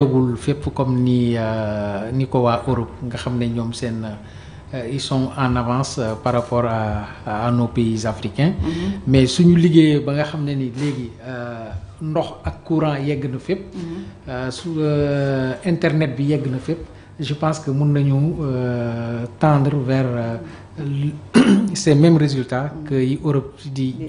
Les pays comme euh, euh, ils sont en avance euh, par rapport à nos pays africains mm-hmm. mais si nous avons nga internet je pense que nous nañu tendre vers ces mêmes résultats que Europe di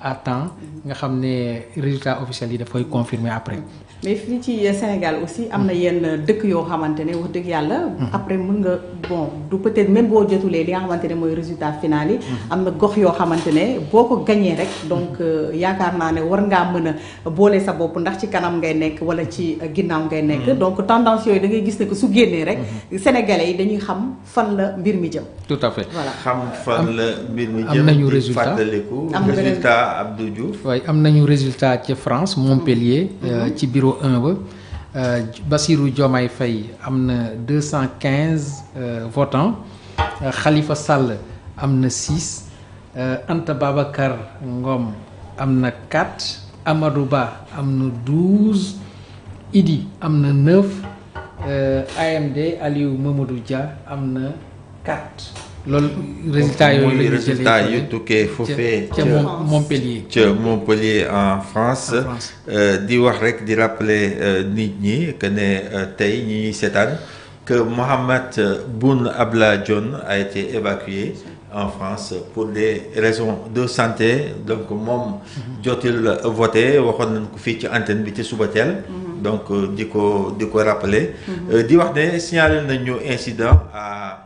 à temps mm-hmm. résultats officiels confirmer après mm-hmm mais fii ci Sénégal aussi am na yenn dëkk yoo xamante ne wax dëgg yàlla. Mhm. après mën nga bon du peut-être même boo jotulee li nga xamante ne mooy résultat final yi. Mhm. am na gox yoo xamante ne boo ko rek. donc mhm. euh, yaakaar naa ne war ngaa mën a boole sa bopp ndax ci kanam ngay nekk wala ci ginnaaw ngay nekk. donc tendance yooyu da ngay gis ne que su génnee rek. Sénégalais yi dañuy xam fan la mbir mi jëm. tout à fait voilà xam fan la mbir mi jëm. am nañu résultat fàttaliku résultat Abdou Diouf. waaye am nañu résultat ci France Montpellier. Euh, ci bureau numéro Basirou euh, Faye amna 215 euh, votants euh, Khalifa Sall amna 6 Anta Babakar Ngom amna 4 Ba amna 12 Idi amna 9 AMD Aliou Mamoudou Dia amna 4 loolu résultat le résultat, résultat yu tukkee faut faire, Montpellier ca Montpellier en France euh, di wax rek di rappeler euh, nit ñi que né euh, tay ñi ñuy que Mohamed Boun Abdallah Dionne a été évacué en France pour des raisons de santé donc mom mhm. jotul voté waxon nañ ko fi ci antenne bi ci subatel mhm. donc diko diko rappeler mhm. di wax ne signalé nañu incident à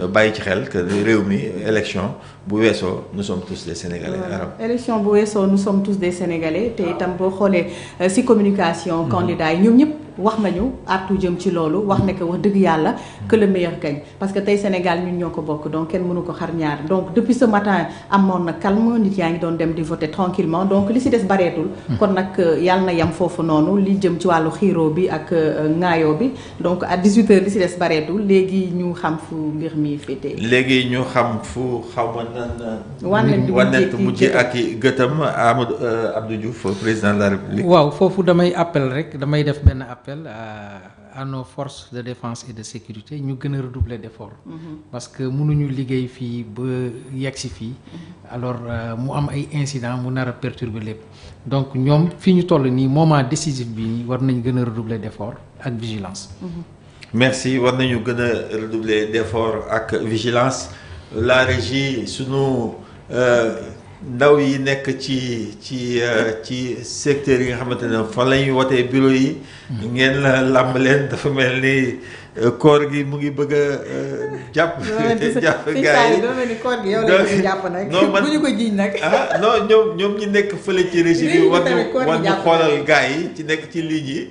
Euh, bàyyi ci xel que réew mi élection bu weesoo nous sommes tous des sénégalais arab élection bu weesoo nous sommes tous des sénégalais te itam boo xoolee euh, si communication mhm. candidat yi ñoom ñëpp wax nañu artu jëm ci loolu wax ne que wax dëgg yàlla que le meilleur gagne parce que tey Sénégal ñun ñoo ko bokk donc kenn mënu ko xar ñaar donc depuis ce matin amoon na calme nit yaa ngi doon dem di voter tranquillement donc li si des bareetul hmm. kon nag euh, yàlla na yam foofu noonu li jëm ci wàllu xiiroo bi ak euh, ŋaayoo bi donc à 18 heures li si des bareetul léegi ñu xam fu mbir mi féetee léegi ñu xam fu xaw ma nan wanent mujj ak gëtam Amadou euh, Abdou Diouf président de la République waaw foofu damay appel rek damay def benn appel à, nos forces de défense et de sécurité nous devons redoubler d'efforts. Mhm. parce que mënuñu liggéey fii ba yegsi fii. Mhm. alors euh, mu am ay incidents mu nar a perturber lépp donc nous fii ñu toll moment décisif bi war nañ gën redoubler d'efforts de vigilance. Mhm. merci war nañu redoubler d'efforts ak vigilance la régie sunu. ndaw yi nekk ci ci euh, ci secteur yi nga xamante ne fa fan lañuy watee bureau yi. ngeen la làmb leen dafa mel ni euh, koor gi mu ngi bëgg a euh, jàpp. jàpp gars yi mel ni koor gi yow la ñuy jàpp nag. non man bu ñu ko jiiñ nag. ah non ñoom ñoom ñi nekk fële ci régime yi war ñu xoolal gars yi ci nekk ci ligne yi.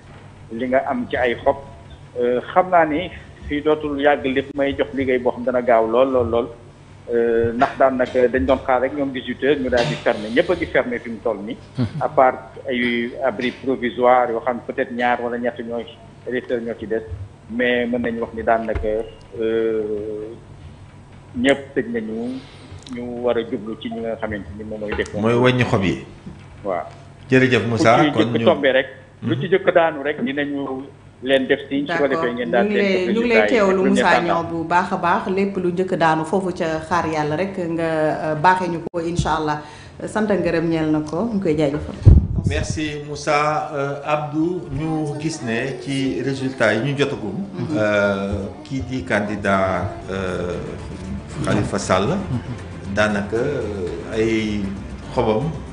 li nga am ci ay xob euh, xam naa ni fii dootul yàgg li may jox liggéey boo xam dana gaaw lool lool lool euh, ndax nag dañ doon xaar rek ñoom 18 heures ñu daal di fermer ñëpp a ferme fermer fi mu toll nii. à part ay abri provisoire yoo xam peut-être ñaar wala ñett ñooy électeurs ñoo ci des mais mën nañu wax ni daan daanaka euh, ñëpp tëj nañu ñu war a jublu ci ñu nga xamante ni moom mooy. def mooy wàññi xob yi. waaw jërëjëf Moussa kon ñu ku rek. lu ci jëkk daanu rek dinañu leen def si. su ko defee ngeen ñu ngi lay teewlu Moussa Niang bu baax a baax lépp lu njëkk daanu foofu ca xaar yàlla rek nga euh, baaxee ñu ko incha allah sant ngërëm ñeel na ko ñu koy jaajëfal. merci Moussa euh, Abdou ñu gis ne ci résultat yi ñu jotagum. Mhm. Euh, kii di candidat Khalifa sàll mhm. daanaka ay xobam.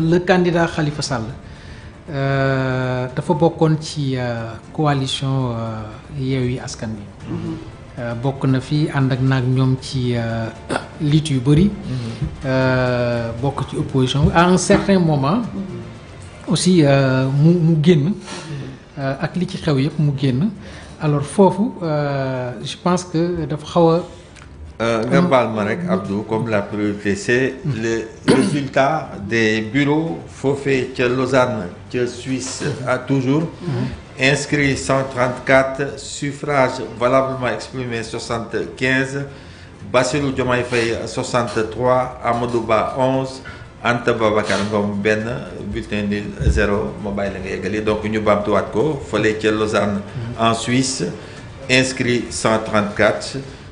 le candidat Khalifa Sall euh, dafa bokkoon ci euh, coalition euh, yi Askan Wi mhm. bokk na fi ànd ak naag ñoom ci lutte yu bëri mhm. bokk ci opposition à un certain moment mhm. aussi mu mu génn ak li ci xew yëpp mu génn alors foofu je pense que dafa xaw euh, Gambal Marek Abdou comme la priorité c'est le résultat des bureaux Fofé, que Lausanne que Suisse a toujours inscrit 134 suffrages valablement exprimés 75 Bassirou Diomaye 63 Amadouba 11 antaba Babacar Ngom mobile bulletin 0, mobile donc nous avons ko que Lausanne en Suisse inscrit 134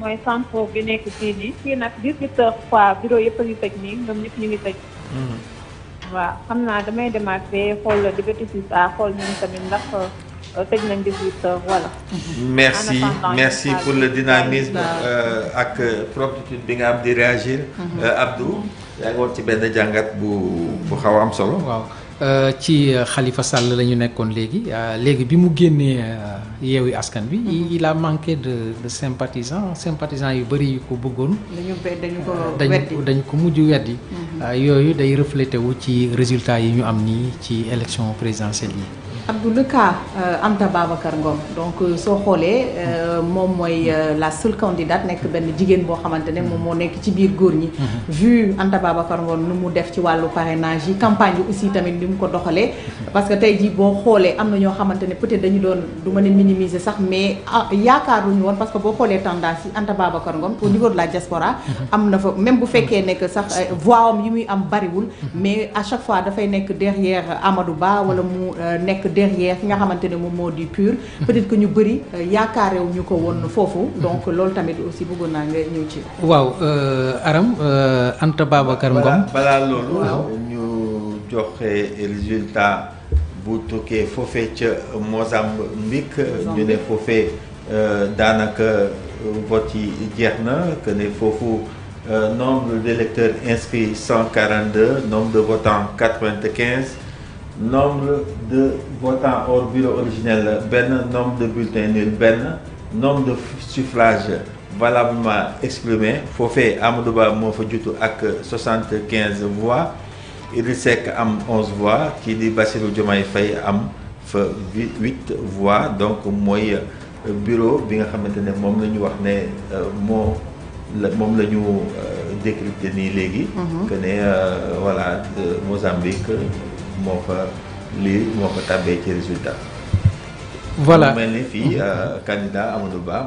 mooy centre bi nekk fii nii fii nag dix huit heures fois bureau yëpp a ngi tëj nii ñoom ñëpp ñu ngi tëj hmm. waaw xam naa damay xool di ba dix xool ñun tamit ndax euh, tëj nañ dix huit heures voilà merci merci pour le dynamisme euh, ak euh, promptitude bi nga am di réagir mm-hmm. Abdou yaa ngi woon ci benn jàngat bu bu xaw am solo waaw Euh, ci euh, Khalifa Sall lañu ñu nekkoon léegi euh, léegi bi mu génnee yeewi askan bi mhm. il a manqué de de sympathisants sympathisants yu bëri yu ko bëggoon. dañu ko weddi dañu ko mujj weddi. Mhm. yooyu day reflété wu ci résultats yi ñu am nii ci élection présidentielle yi. Abdou le cas euh, Anta Babacar Ngom donc euh, soo xoolee euh, moom mooy la seule candidate nek ben jigen bo xamantene mom mo nek ci biir góor ñi. Mhm. vu Anta Babacar Ngom nu mu def ci walu parrainage yi campagne aussi tamit ni mu ko doxalee. Mhm. parce que tay jii bo xolé am ño xamantene xamante peut-être dañu doon duma mën minimiser sax mais ah, yaakaaruñu won parce que bo xolé tendance yi Anta Babacar Ngom au niveau de la diaspora. Mhm. am fa même bu fekkee nek sax voix am yi muy am bariwul. mais à chaque fois fay nek derrière Amadou Ba wala mu nek derrière nga xamante ne moom moo pur peut-être que ñu bëri euh, yaakaarew ñu ko woon foofu donc loolu tamit aussi bëggoon naa nga ñëw ci waaw euh, Aram euh, Anta Babacar Ngom balaa loolu ñu joxe résultat bu tukkee foofee ca Mozambique ñu ne foofee daanaka vote yi jeex na que ne foofu nombre d'électeurs inscrits 142 nombre de votants 95 nombre de votants hors bureau originel ben nombre de bulletins nuls nombre de suffrages valablement exprimés Il faut faire moo fa jutu ak 75 voix il y am 11 voix qui di Bassirou Diomaye Faye am voix donc le euh, bureau bi nga xamante ne moom la ne euh, euh, décrypter ni légui mhm. voilà Mozambique mofa résultat. voilà filles euh, candidat Ba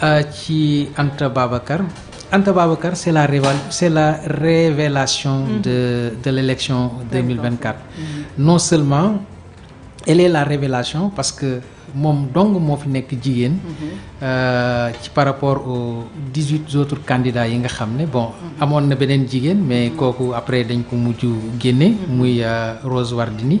Euh, ci Anta Babacar Anta c'est la révélation mm-hmm. de l'élection 2024 mm-hmm. non seulement elle est la révélation parce que je dong moo fi mm-hmm. euh, par rapport aux 18 autres candidats yi nga bon amoon na benen révélation, mais kooku après dañ ko muju génne muy euh, Rose Wardini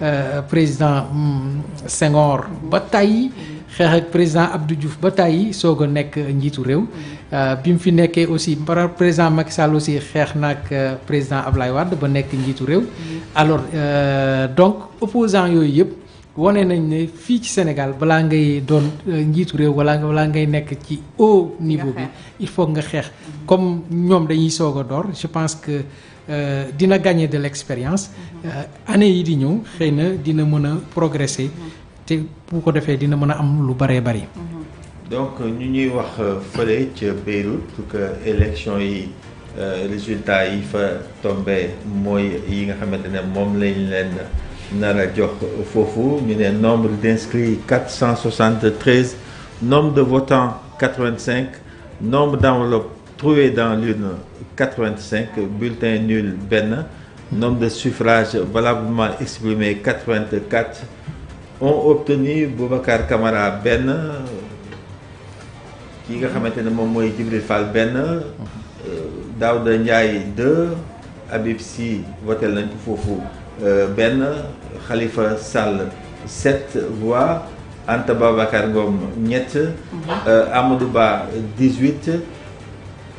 Euh, président hmm, Senghor Bataï, tàyyi président Abdou Diouf ba tàyyi soog a nekk euh, fi aussi par président Macky Sall aussi xex nak euh, président Ablaye Wade ba nek njiitu réew alors donc opposant yooyu yëpp wane nañ né fi ci Sénégal bala ngay don njiitu réew wala ngay nek ci haut niveau bi il faut nga xex comme ñom dañuy sogo dor je pense que euh, dina gagner de l'expérience mhm. euh, année yi di ñëw dina mëna progresser mhm. té bu ko défé dina mëna am lu bari mhm. donc ñu ñuy wax euh, fële Beirut Beyrouth que élection yi résultat yi fa tomber moy yi nga xamante mom lañ leen nara jox fofu ñu nombre d'inscrits 473 nombre de votants 85 nombre d'enveloppes Trouvé dans l'une 85, bulletin nul ben, nombre de suffrages valablement exprimés 84, ont obtenu Boubacar Kamara ben, qui a maintenant le moment de Djibril Ben Daouda Ndiaye 2, Habib euh, Khalifa Sal 7 voix Anta Babacar Ngom mhm. euh, Amoudouba 18. Ba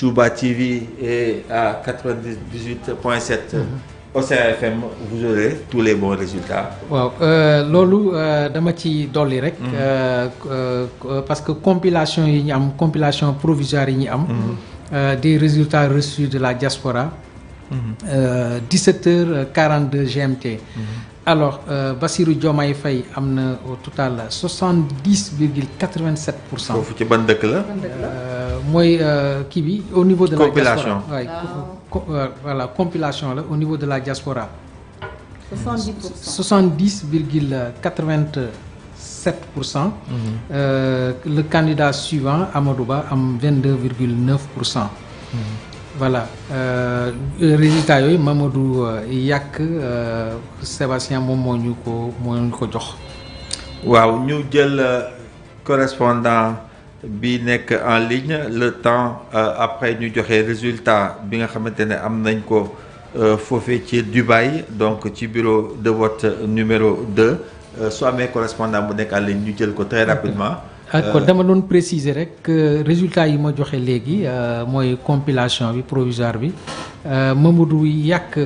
Touba TV et à 98.7 au cfm vous aurez tous les bons résultats. Lolo, euh, loolu euh, dama ci mhm. euh, parce que compilation compilation provisoire mhm. des résultats reçus de la diaspora. 17h42 mhm. GMT alors euh, Bassirou Diomaye au total 70,87%. Euh, euh, au niveau de. la compilation ah. euh, voilà compilation au niveau de la diaspora. 70,87%. Mhm. le candidat suivant Amadou Ba 22,9% voilà euh, résultat oui. Mamadou euh, Yàkk euh, Sébastien moom moo Sébastien ko Nous avons ko jox. correspondant en ligne le temps après ñu joxe résultat bi nga xamante résultat am Dubaï donc ci bureau de vote numéro 2 Soit mes correspondant bu nekk en ligne nous jël ko très rapidement d'accord euh, dama doon préciser rek résultat yi ma joxe léegi la euh, compilation bi provisoire bi euh, Mamadou yàq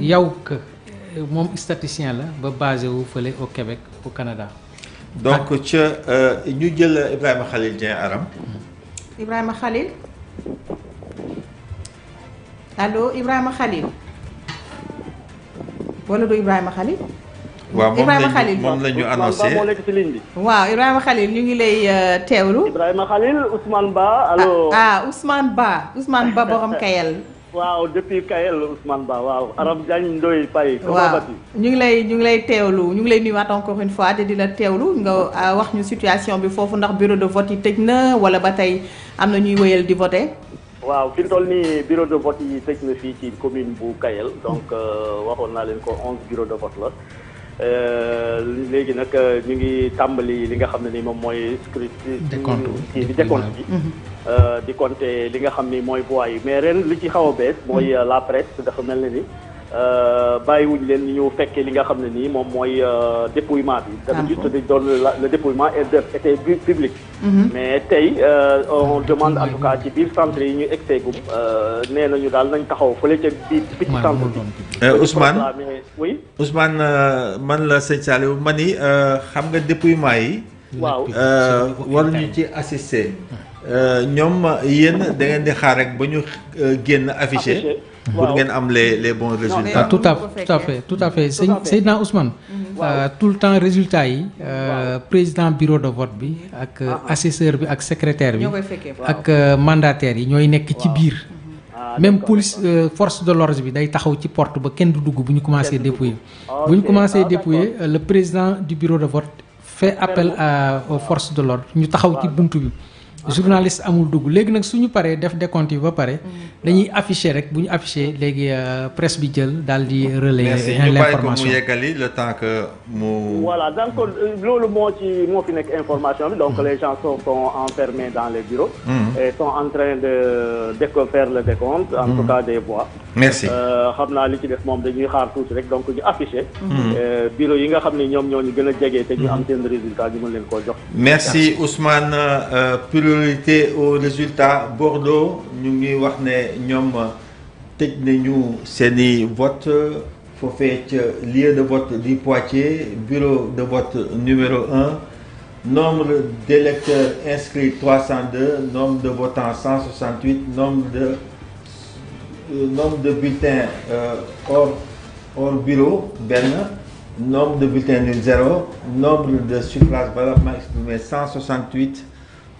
yow que moom statisticien la ba basé wu fële au Québec au Canada. donc Nous ñu jël Ibrahima Khalil Dieng Aram. Ibrahima Khalil Allô, Ibrahima Khalil wala Ibrahim Ibrahima Khalil waaw Ibrahima Khalil Mom lañu ñu annoncé waaw Ibrahima Khalil ñu ngi lay euh, téwlu. Ibrahima Khalil Ousmane Ba allo. ah, ah Ousmane Ba Ousmane Ba borom Kayel. waaw depuis Kayel Ousmane Ba waaw Arab Diagne Ndoye Paye. waaw ñu ngi lay ñu ngi lay téwlu ñu ngi lay nuyuwaat encore une fois te di la teewlu nga euh, wax ñu situation bi foofu ndax bureau de vote yi tëj na wala ba tey am na ñuy wéyal di voter. waaw fi toll nii bureau de vote yi tëj na fii ci commune bu Kayel donc euh, waxoon naa leen ko 11 bureau de vote la. Euh, léegi nag euh, ñu ngi tàmbali li nga xam ne ni moom mooy scrutin kii di décompte mm-hmm. euh, di compter li nga xam ne mooy voix yi mais ren li ci xaw a bees mooy mm-hmm. la presse dafa mel na ni Euh, bàyyiwuñ leen ñu fekkee li nga xam ne nii moom mooy euh, dépouillement bi. Ah d'habitude dañ doon le dépouillement était public. Mm-hmm. mais tey euh, on mm-hmm. demande en tout cas ci biir centre yi ñu egseegum nee ñu daal nañ taxaw fële ca biir bi ci centre bi. Ousmane oui man la sëñ Saliou ma ni xam nga dépouillement yi. waaw waruñu ci assister. ñoom yéen da di xaar rek ba ñu génn affiché. pour ngeen am les les bons résultats. tout à fait tout à fait C'est dans Ousmane. Euh, tout le temps résultat yi. Euh, président bureau de vote bi ak. Ah, euh, ah. assesseur secrétaire bi. ak mandataire yi sont nekk ci biir. Ah, même police force de l'ordre bi day taxaw ci porte ba kenn du dugg ils ont commencé dépouiller. Ils ont commencé dépouiller le président du bureau de vote fait appel à aux forces de l'ordre ils taxaw ci buntu dépouiller journaliste amul dugg léegi nag suñu paree def décompte yi ba pare. Mm. dañuy afficher rek bu ñu afficher léegi euh, presse bi jël daal di relayer. l'information merci ñu bàyyi ko mu le temps que mu. voilà donc euh, loolu moo ci moo fi nekk information bi donc mm. les gens sont sont enfermés dans les bureaux. Mm. et sont en train de de faire le décompte. en tout cas des voix. merci euh, xam naa li ci def moom dañuy xaar tuuti rek donc ñu afficher. bureau yi nga xam ne ñoom ñoo ñu gën a jege te ñu am seen résultat ñu mën leen koo jox. merci Ousmane Pure priorité au résultat Bordeaux nous avons wax ne euh, nañu lieu de vote du Poitiers bureau de vote numéro 1 nombre d'électeurs inscrits 302 nombre de votants 168 nombre de euh, nombre de bulletins euh, hors hors bureau ben nombre de bulletins 0 nombre de suffrages valablement exprimés 168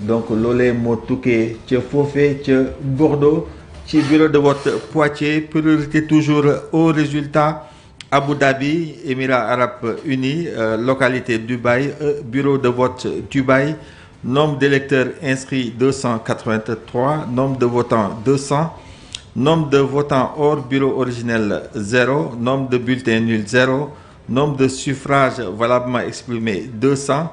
donc l'olé Motouké tukkee ca Bordeaux bureau de vote Poitiers priorité toujours au résultat Abu Dhabi Émirats Arabes Unis euh, localité Dubaï euh, bureau de vote Dubaï nombre d'électeurs inscrits 283 nombre de votants 200 nombre de votants hors bureau originel 0 nombre de bulletins nuls 0 nombre de suffrages valablement exprimés 200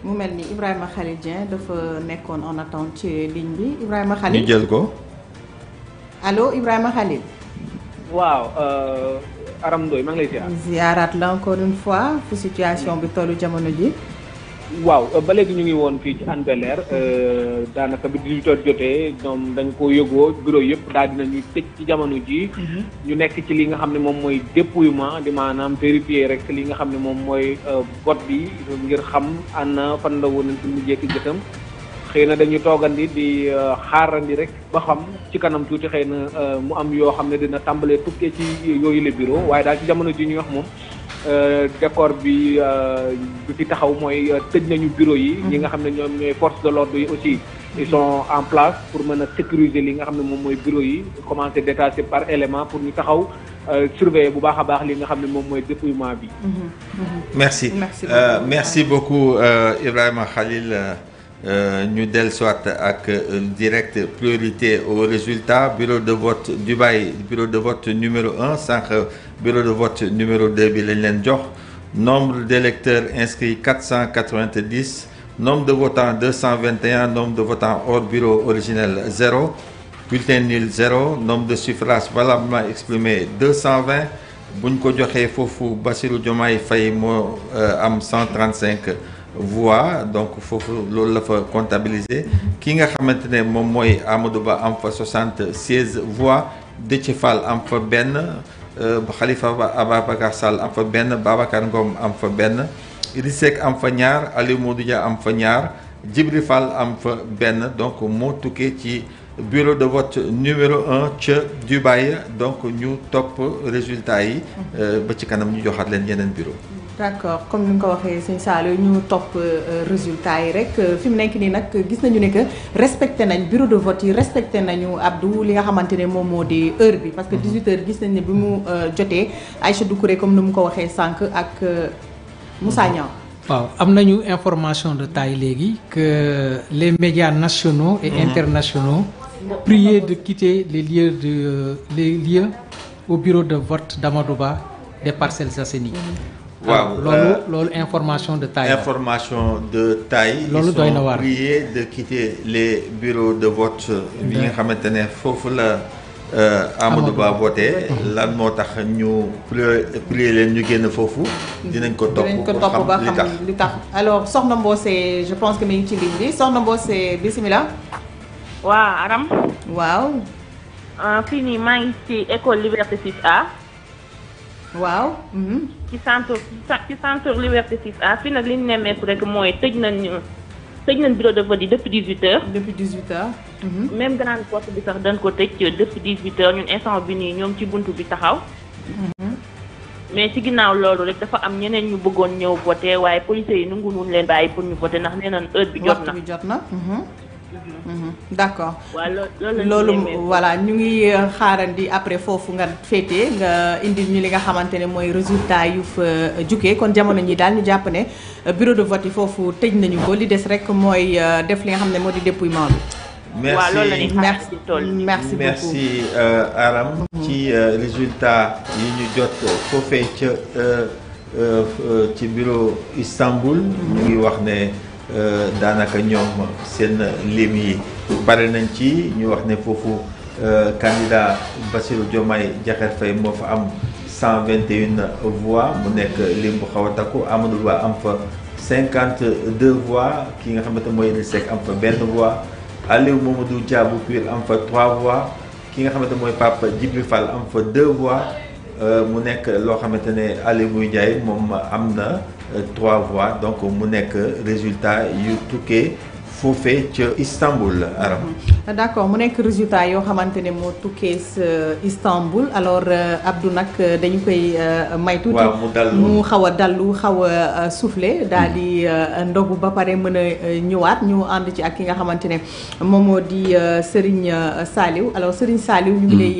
mu mel ni Ibrahima Khalil Dieng dafa nekkoon en attente ci ligne bi Ibrahima Khalid. ñu jël ko. allo Ibrahima Khalid. waaw euh, Aram Ndoye maa ngi lay ziar. ziaraat la encore une fois fu situation bi tollu jamono ji. waaw ba léegi ñu ngi woon fii ci Hann Bel-Air euh, daanaka bi 18 heures jotee ñoom dañ ko yëgoo bureau yëpp daal dinañuy tëj ci jamono ji mhm. ñu nekk ci li nga xam ne moom mooy dépouillement di maanaam vérifier rek li nga xam ne moom mooy euh, vote bi ngir xam ana fan la woon ci mujjee ki gëtam xëy na dañu toogandi di euh, xaarandi rek ba xam ci kanam tuuti xëy na mu am yoo xam ne dina tàmbalee tukkee ci yooyu le bureau waaye daal ci jamono ji ñuy wax moom Euh, décor bi du euh, ci taxaw mooy euh, tëj nañu bureau yi. Mm-hmm. ñi nga xam ne ñoom ñooy force de l'ordre yi aussi. ils sont en place pour mën a sécuriser li nga xam ne moom mooy bureau yi commencer détacher par élément pour ñu taxaw surveiller bu baax a baax li nga xam ne moom mooy déploiement bi. Mm-hmm. Mm-hmm. merci merci beaucoup merci beaucoup Ibrahima Khalil. Euh, ñu avec une directe priorité au résultat bureau de vote Dubaï bureau de vote numéro 1, 5, bureau de vote numéro 2, nombre d'électeurs inscrits 490 nombre de votants 221 nombre de votants hors bureau originel 0 bulletin nul 0 nombre de suffrages valablement exprimés 220 ko Basirou euh, am 135 voix donc il faut le comptabiliser Qui mhm. a maintenu mon moom à Amadou Ba am voix Dechefal Fall am fa euh, Khalifa Ababacar bagasal am fa benn Babacar Ngom am fa benn en Fagnar, am fa ñaar Aliou Modou Dia am fa ñaar donc ci bureau de vote numéro 1 de Dubaï donc ñu top résultat yi mhm. euh, ba ci kanam ñu bureau D'accord. comme ni nga ko waxee sëñ Saliou ñu topp euh, résultat yi rek euh, fi mu nekk nii nag gis nañu ne que respecté nañ bureau de vote yi respecté nañu Abdou li nga xamante ne moom moo di heure bi parce que 18 mhm. heures gis nañ ne bi mu euh, jotee Aïcha Doucouré comme ni mu ko waxee sànq ak Moussa mhm. Niang waaw am nañu information de taille léegi que les médias nationaux et mhm. internationaux priés de quitter les lieux de les lieux au bureau de vote d'Amadouba des Parcelles Assainies waaw ah, euh, loolu information de taille information de taille ils sont priés de quitter les bureaux de vote bi nga xamante ne la euh, Amadou Ba voté mhm. lan moo tax ñu prier les ñu génn fofu dinañ ko topp dinañ ko topp ba xam li tax alors Soxna Mbossé, je pense que mi ngi ci ligne bi Soxna Mbossé, bismillah. waaw Aram waaw Enfin, euh, nii maa ngi ci école Liberté 6A waaw. Mhm. ci centre ci centre Liberté 6A fii nag li ñu nemmeeku mooy tëj nañu tëj nañ bureau de vote yi depuis 18h. depuis 18h. Mhm. même grande porte bi sax dañ ko tëj depuis 18h ñun instant bi nii ñoom ci buntu bi taxaw. Mhm. mais ci ginnaaw loolu rek dafa am ñeneen ñu bëggoon ñëw voté waaye policiers yi nanguwuñu leen bàyyi pour ñu voté ndax nee nañ na waxtu bi jot na. Mhm. d'accord voilà nous avons xaarandi après fofu nga nga indi li nga résultat yu fa euh, kon jamono ñi ñu euh, bureau de vote nañu li rek euh, def li nga merci merci merci Aram mhm. ci résultat yi ñu jot bureau Istanbul mhm. Euh, daanaka ñoom seen lim yi bare nañ ci ñu wax ne foofu euh, candidat Bassirou Diomaye Diakhar Faye moo fa am cent vingt une voix mu nekk lim bu xaw a takku Amadou Ba am fa cinquante deux voix ki nga xamante mooy Idrissa am fa benn voix Aliou Mamadou Dia bu PUR am fa trois voix ki nga xamante mooy Pape Djibril fal am fa deux voix euh, mu nekk loo xamante ne Aly Ngouille Ndiaye moom am na Euh, trois voix, donc au que résultat YouTuber foofee ci Istanbul alors. Mhm. D'accord. accord mu nekk résultat yoo xamante ne moo euh, Istanbul alors euh, Abdou nak euh, dañ koy may tout. mu xawa d'alu, xawa soufflé Dali, mhm. ndogu ba paré mën ñëwaat ñu and ci ak ki nga xamantene momo di Serigne Saliw alors Serigne Saliw ñu ngi mhm. lay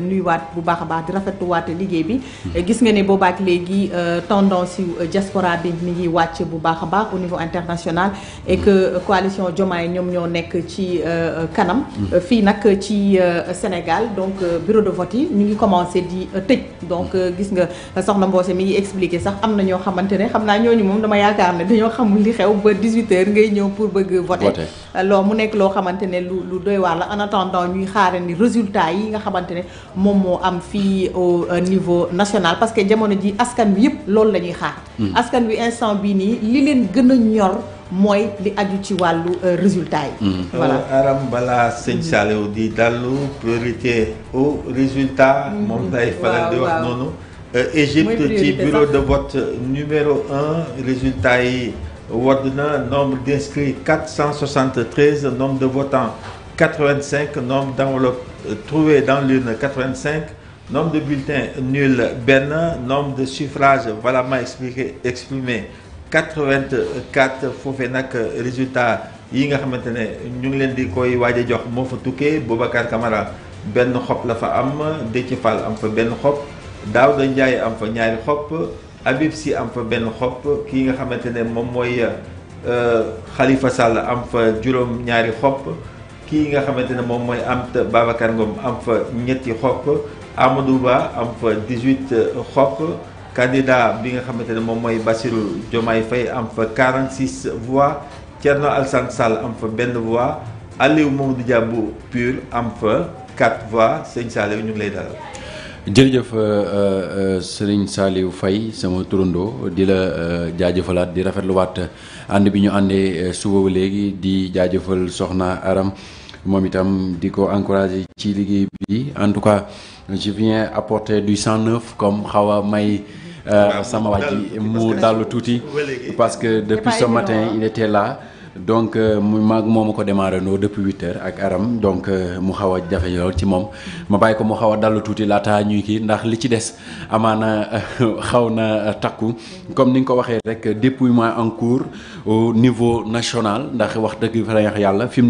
nuyuwaat bu baax a baax di rafetuwaat liggéey bi gis nga ne bobak léegi tendance diaspora bi mi ngi wàcc bu baax baax au niveau international et que coalition coalition Diomaye ñoom ñoo nek ci euh, euh, kanam. Mm. Euh, fi nak ci Sénégal donc bureau de vote yi ñu ngi commencé di tej donc mm. gis nga soxna mbossé mi ngi expliquer sax amna na ñoo xamante ne xam naa ñooñu dama yaakar né dañoo xamul li xew ba 18h ngay ñëw pour bëgg voter loo mu nek lo xamantene lu lu doy waar la en attendant ñuy xaaré ni résultat yi nga xamantene mom mo am fi au niveau national parce que jamono ji askan bi yëpp loolu lañuy xaar. Mm. askan wi instant bi ni li leen gëna ñor. Moi, li ci euh, résultat mm-hmm. voilà euh, aram Bala, sëñ mm-hmm. Saliou di dallu priorité au résultat. Mm-hmm. moom lay faral Non, non. Euh, Égypte bureau de vote numéro 1, résultat yi nombre d'inscrits, 473 nombre de votants 85 nombre d'enveloppes trouvé trouvées dans l'une, 85 nombre de bulletins nul ben, nombre de suffrages voilà, expliqué exprimé 84 foofe nag résultat yi nga xamante ne ñu ngi leen di koy waaj a jox moo fa tukkee Boubacar Camara benn xob la fa am Déthié am fa benn xob Daouda Ndiaye am fa ñaari xob Habib Sy am fa benn xob kii nga xamante ne moom mooy xalifa euh, Sall am fa juróom-ñaari xob kii nga xamante ne moom mooy Amt Babacar Ngom am fa ñetti xob Amadou Ba am fa 18 euh, xob. candidat bi nga xamante ne moom mooy Bassirou Diomaye Faye am fa 46 voix Thierno Alassane Sall am fa benn voix Aliou Mamadou Dia bu PUR am fa 4 voix sëñ Saliou ñu ngi lay dalal. jërëjëf euh, euh, Serigne Saliou Faye sama turandoo di la euh, jaajëfalaat di rafetluwaat ànd bi ñu àndee suba léegi di jaajëfal Soxna Aram moom itam di ko encourager ci liggéey bi en tout cas je apporter du 109 comme xaw a may. Euh, sama waa mu dallu touti parce que depuis ce matin il était là donc euh, mu mag moo ma ko démarré depuis huit heures ak aram donc euh, mu xaw jafé lol ci mom ma bay ko mu xaw a touti lata ñuy ki ndax li ci dess amana xawna takku comme ni nga ko waxé rek dépouillement en cours au niveau national ndax wax deug fa yàlla fi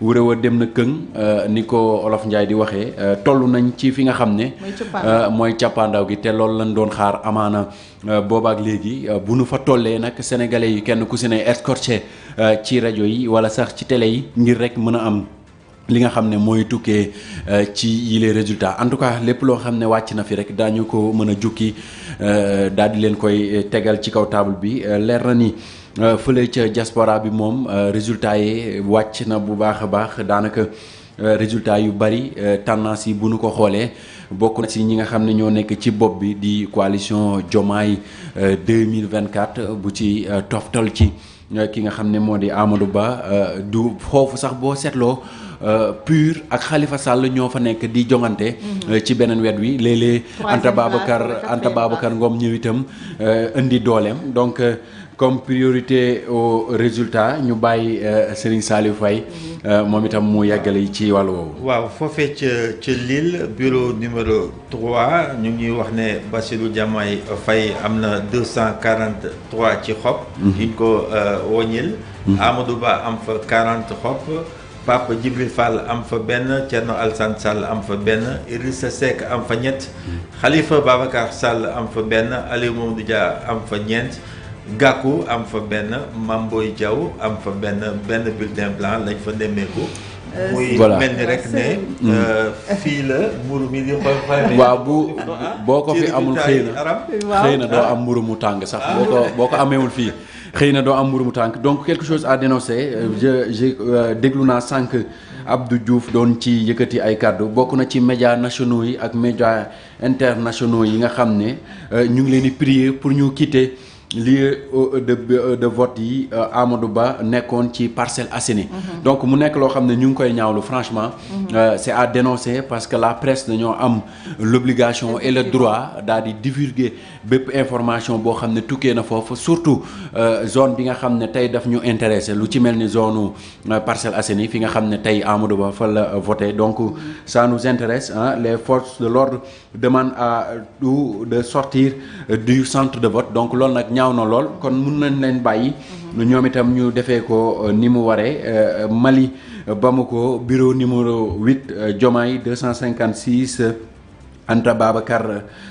wuréw a dem na këng euh, ni ko olof Ndiaye di waxee euh, toll nañ ci fi nga xam ne euh, mooy càppaandaw gi te loolu lañ doon xaar amaana boobaak léegi bu nu fa tollee nag sénégalais yi kenn ku si ne escorté ci rajo yi wala sax ci télé yi ngir rek mën a am li nga xam ne mooy tukkee ci yile résultat en tout cas lépp loo xam ne wàcc na fi rek daañu ko mën a jukki daal di leen koy tegal ci kaw table bi leer na ni Euh, fële ca diaspora bi moom euh, résultat yi wàcc na bu baax a baax daanaka euh, résultat yu bari tendance yi bu ñu ko xoolee bokk na si ñi nga xam ne ñoo nekk ci bopp bi di coalition Diomaye 2024 bu ci toftal ci ki nga xam ne moo di Amadou Ba du foofu sax boo seetloo pur ak xalifa Sall ñoo fa nekk di jongante. Mhm. ci beneen wet wi léeg-léeg Anta Babacar Anta Babacar Ngom ñëw itam indi dooleem donc. comme priorité au résultat ñu bàyyi euh, Serigne Saliou Faye euh, moom itam mu yàggale ci wàllu woowu. waaw fofé ci ci Lille bureau numéro 3 ñu ngi wax né Bassirou Diomaye fay amna 243 ci xop yiñ mhm. ko euh, wàññil. Mhm. Amadou Ba am fa 40 xop Papa Djibril Fall am fa benn Thierno Alassane Sall am fa ben Idrissa Seck am fa ñett mhm. Khalifa Babacar Sall am fa ben Aliou Mamadou Dia am fa ñeent. Gako am fa ben Mamboy Diaw am fa ben ben bulletin blanc lañ fa nemmeeku. Euh, muy mel ni rek hmm. euh fi la mburu mi di xoy xoy. wa bu boko fi amul xeyna xeyna do am mburu mu sax ah. boko boko boo ko ameewul fii. am mburu mu donc quelque chose à dénoncer euh, je je euh, déglu na sank Abdou Diouf don ci yëkëti ay kàddu bokk na ci médias nationaux yi ak médias internationaux yi nga xamné ñu ngi leen di prier pour ñu quitter lieu euh, de euh, de vote yi euh, Amadou Ba nekkoon ci Parcelles Assainies. Mhm. donc mu nek lo xamné ñu ngi koy ñaawlu franchement. Mhm. c'est à dénoncer parce que la presse a am l'obligation et le droit d'aller divulguer bépp information bo xamné tuké na fofu surtout zone bi nga xamné tay daf ñu intéresser lu ci melni zone Parcelles Assainies fi nga xamné tay Amadou Ba fa la voté donc mhm. ça nous intéresse hein. les forces de l'ordre demandent à de sortir du centre de vote donc lool nak ñaaw na lool kon mun nañ leen bàyyi. Mhm. ñoom itam ñu defee ko euh, ni mu waree euh, Mali euh, ko bureau numéro 8 Diomaye 256 Anta Babacar.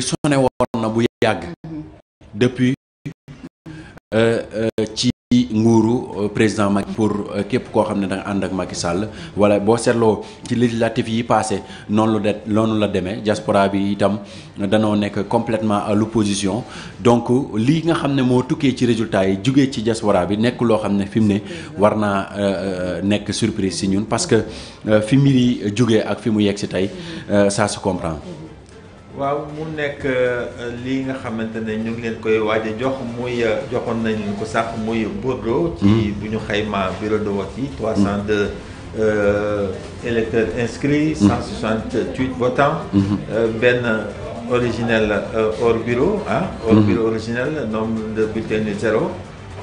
sone wonna bu yàgg depuis euh euh ci nguru euh, président Macky pour euh, képp ko xamné da nga and ak Macky Sall wala bo seetloo ci législative yi passé non lo det noonu la démé diaspora bi itam no nek complètement à l'opposition donc li nga xamné mo tuké ci résultat yi jugee ci diaspora bi nek lo xamné fimné warna euh, euh nek surprise ci ñun parce que fi mbir ak fi mu yegg si ça se comprend waaw mu nekk euh, lii nga xamante ne ñu ngi leen koy waaj a jox muy euh, joxoon nañ ko sax muy Bordeaux. ci hmm. bu ñu xayma bureau de vote yi. 302 euh, électeurs inscrits. 168 hmm. votants. ben originel hors bureau ah. hors bureau original, nom de bulletins zéro.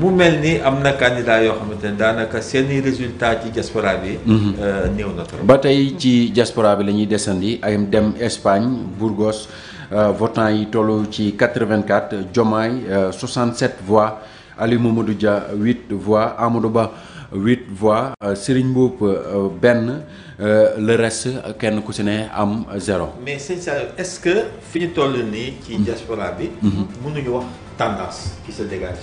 mu mel ni am na candidat yoo xamante ne daanaka seeni résultat ci diaspora bi. Mhm. Euh, néew na trop. ba tey ci diaspora bi la ñuy desandi ay dem Espagne Burgos euh, votant yi toll ci 84 Diomaye 67 euh, voix Ali Mamadou Dia 8 voix Amadou Ba 8 voix Serigne Mboup benn le reste kenn ku si ne am zéro. mais c'est ça est-ce que fi ñu toll nii. ci diaspora bi. Mhm. mënuñu wax tendance qui se dégage.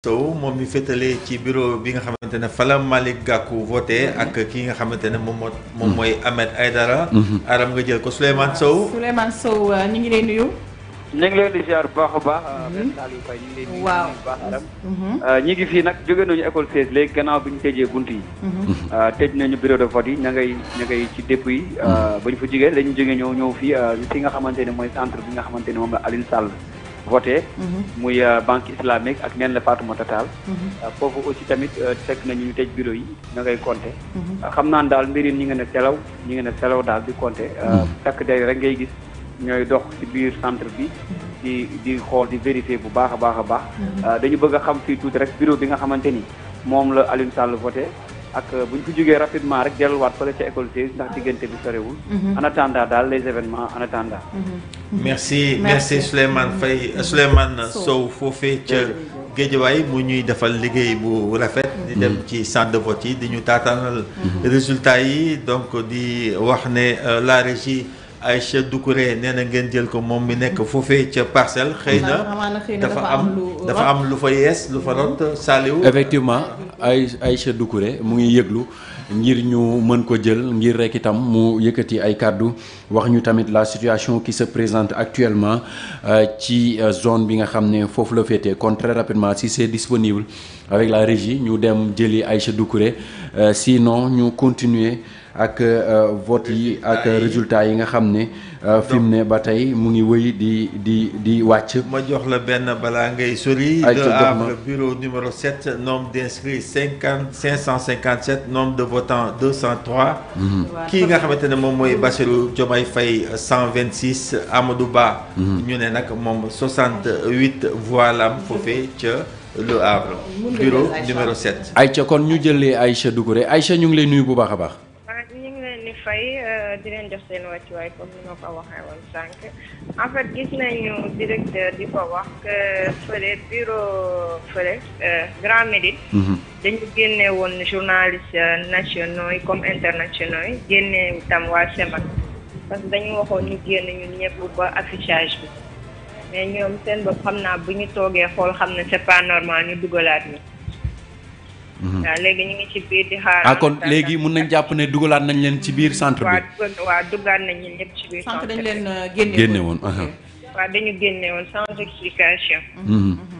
Sow moom mi féetale ci bureau bi nga xamante ne fala Malick Gakou voté ak ki nga xamante ne moom moo moom mooy Ahmed Aïdara mhm. aram nga jël ko Souleymane Sow Souleymane Sow euh, ñu ngi lay nuyu ñu ngi leen di ziar bu baax a baax benn mhm. euh, Saliou Faye ñu ngi leen di mhm. euh, ñi ngi fii nag jóge nañu école seize léegi gannaaw bi ñu tëjee bunt yi tëj nañu bureau de vote yi ña ngay ña ngay ci dépôt yi ba ñu fa jógee la ñu jógee ñëw ñëw fii fi nga xamante ne mooy centre bi nga xamante ne moom la Aline Sall voté. Mhm. muy euh, banque islamique ak neen la Fatoumata ataal mhm. euh, foofu aussi tamit euh, fekk nañu ñu tëj bureau yi na ngay mhm. xam naa daal mbir yi ñu ne selaw ñu ngi ne selaw daal di compté. takk day rek ngay gis ñooy dox ci biir centre bi. di di xool di vérifier bu baax a baax a baax. dañu bëgg a xam fii tuuti rek bureau bi nga xamante ni moom la Alioune Sall voté. ak euh, bu ko jógee rapidement rek delluwaat fële ca école Thèse ndax diggante bi sorewul. Mhm. en attendant daal les événements en attendant. Mhm. Mhm. merci merci Souleymane Faye euh, soow foofee ca Géejawaay mu ñuy defal liggéey bu rafet. di dem ci centre de yi di ñu taataanal résultats yi donc di wax ne euh, la régie. Aïcha Doucouré néna ngeen jël ko mom mi nek fofé ci parcelle. xeyna dafa am dafa am lu fa lu fa effectivement Aïcha Doucouré nous avons ngir ñu mën ko jël ngir rek itam mu la situation qui se présente actuellement euh, ci euh, zone bi nga xam ne la rapidement si c'est disponible avec la régie ñu dem jëli Aïcha euh, sinon ñu continuer ak euh, vote yi ak résultat yi nga xamné euh, fimné batay mu ngi wëy di di di wacc ma jox la ben bala ngay sori de Havre bureau numéro 7 nombre d'inscrits cinquante nombre de votants 203 mhm. ki nga xamante ne moom mooy Bassirou Diomaye Faye cent Amadou Ba mhm. ñu né nak mom 68 voix lam fofé ci Le Havre bureau numéro 7 ay Aïcha kon ñu jëlé Aïcha dougouré Aïcha ñu ngi lay nuyu bu baax a baax fay euh, di leen jox seen wàccuwaay comme ni ma ko waxee woon sànq en gis nañu directeur di ko wax que fële bureau fële euh, Grand Médine mhm. dañu génne woon journaliste nationaux yi comme internationaux yi génne tam waa SEMAC parce que dañu waxoon ni génn ñun ñëpp ba affichage bi mais ñoom seen bopp xam naa bu ñu toogee xool xam ne c'est pas normal ñu dugalaat yi Mhm. waaw léegi ñu ngi ci biir di xaar. ah kon léegi mun nañ jàpp ne dugalaat nañ leen ci biir centre bi. waa waaw duggaat nañ leen ci biir. centre dañ leen euh, génne woon génne woon. waaw dañu génne woon sans explication. Mhm. Mhm.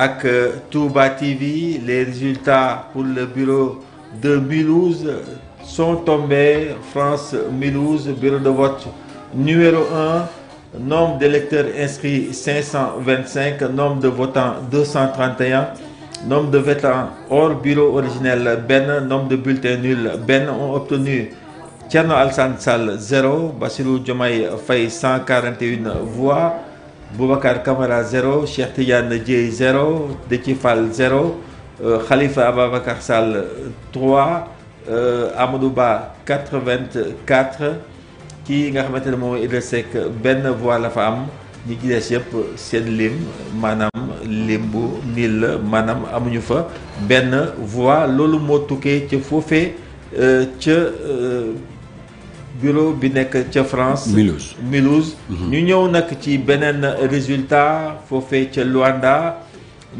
avec euh, Touba TV. Les résultats pour le bureau de Mulhouse sont tombés. France Mulhouse, bureau de vote numéro 1. Nombre d'électeurs inscrits 525, nombre de votants 231, nombre de votants hors bureau originel Ben, nombre de bulletins nuls Ben ont obtenu Tiano Al-Sansal 0, Basilou Djomaï Faye 141 voix, Boubacar Camara zéro Cheikh Tidiane Dieye zéro Déthié Fall zéro euh, Khalifa Ababacar Sall euh, trois euh, Amadou Ba quatre-vingt-quatre kii nga xamante ne moom Idrissa Seck benn voix la fa am ñi ci des yëpp seen lim maanaam lim bu niil maanaam amuñu fa benn voix loolu moo tukkee ca foofee ca. bureau bi nek ci France. Mulhouse Mulhouse. Mhm. ñu ñëw nak ci benen résultat fofé ci Luanda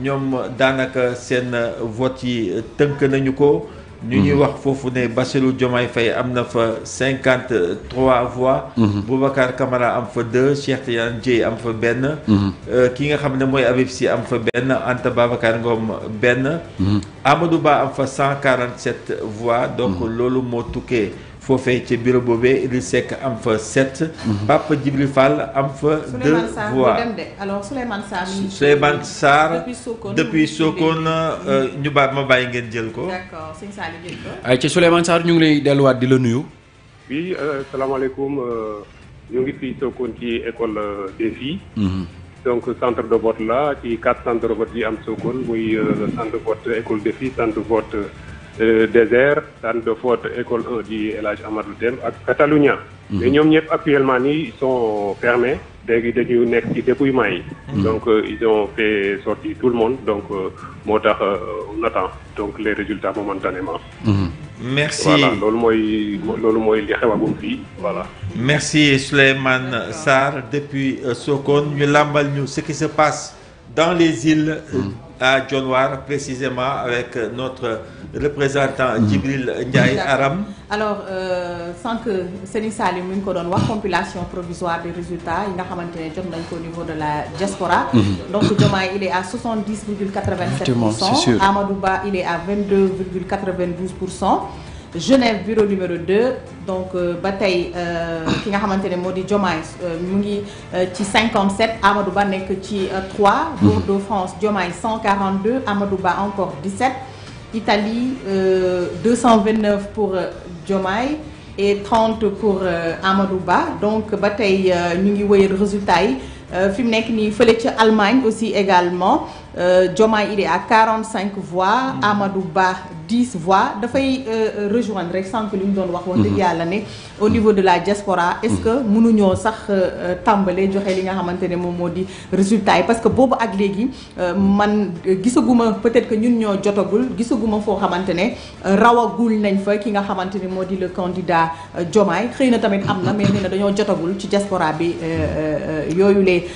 ñom danaka sen vote yi tënk nañu ko. ñu ñi mhm. wax fofu né Bassirou Diomaye Fay am na fa 53 voix. Mhm. Boubacar Camara am fa 2 Cheikh Tidiane Dièye am fa benn. Euh, ki nga xamné moy mooy Sy am fa ben Anta Babacar Ngom ben Amadou Ba am fa 147 voix. donc lolu mo tuké foofee ca bureau boobee Idriss Seck am fa sept. Mhm. Papa Djibril Fall am fa deux voix. Souleymane Sarr Souleymane Sarr depuis Sokone euh, ñu ba ma bàyyi ngeen jël ko. d'accord sëñ Sall ay ci Souleymane Sarr ñu ngi lay delluwaat di la nuyu. oui euh, salaamaaleykum euh, ñu ngi fii Sokone ci école des mhm. donc centre de vote la ci quatre centres de vote yi am Sokone muy centre de vote école des centre de vote. Euh, désert dans de fortes école 1 euh, du El Amadou Dem ak Catalunya. Mhm. mais ñom ñëpp actuellement ni ils sont fermés léegi dañu nekk ci dépouillement yi. Mhm. donc euh, ils ont fait sortir tout le monde donc motax tax on attend donc les résultats momentanément. Mhm. merci voilà lolu moy lolu moy li xewagum fi voilà. merci Suleiman Sarr depuis Sokone ñu lambal ñu ce qui se passe dans les îles à Djonwar, précisément avec notre représentant Djibril Ndiaye Aram. Alors, sans que Sénissa Salim nous donne la compilation provisoire des résultats, il n'a pas au niveau de la diaspora. Mhm. Donc, John il est à 70,87%. Amadouba, il est à 22,92%. Genève bureau numéro 2 donc euh, Bataille, qui euh, ki nga 57 euh, Amadouba Ba que 3. Bordeaux France 142 Amadouba encore 17. Italie 229 pour Diomaye et 30 pour Amadouba. donc Bataille, nous ñu ngi le résultat yi Allemagne aussi également. Euh, Diomaye il est à 45 voix. Mm. Amadou Ba 10 voix dafay rejoindre euh, euh, rejoindre li ñu doon wax. wax dëgg mm-hmm. yàlla ne au niveau de la diaspora est-ce mm. que mënuñoo sax euh, tàmbale joxe li nga xamante ne moom moo résultat parce que boobu ak euh, man gisaguma peut-être que ñun ñoo jotagul gisaguma foo xamante ne rawagul nañ fa ki nga xamante ne le candidat Diomaye xëy na Amna am na mais nee na dañoo jotagul ci diaspora bi yooyu les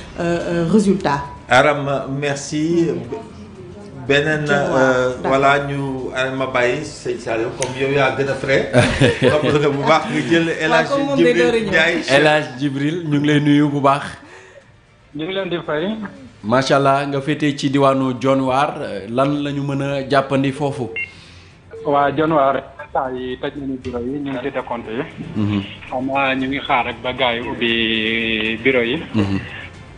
résultats. Arama merci beneen walla euh, ñu Arama euh, bàyyi sëñ Saliou comme yow yaa gën a frais bu baax nga jël El Hadj Djibril Ndiaye El ñu ngi lay nuyu bu baax ñu ngi leen di fay macha allah nga féetee ci diwaanu Dionewar lan lañu mën a jàppandi foofu waa Dionewar saa yi tëj nañu bureau mhm. ñu ngi xaar rek ba gars yi ubbi bureau yi mhm.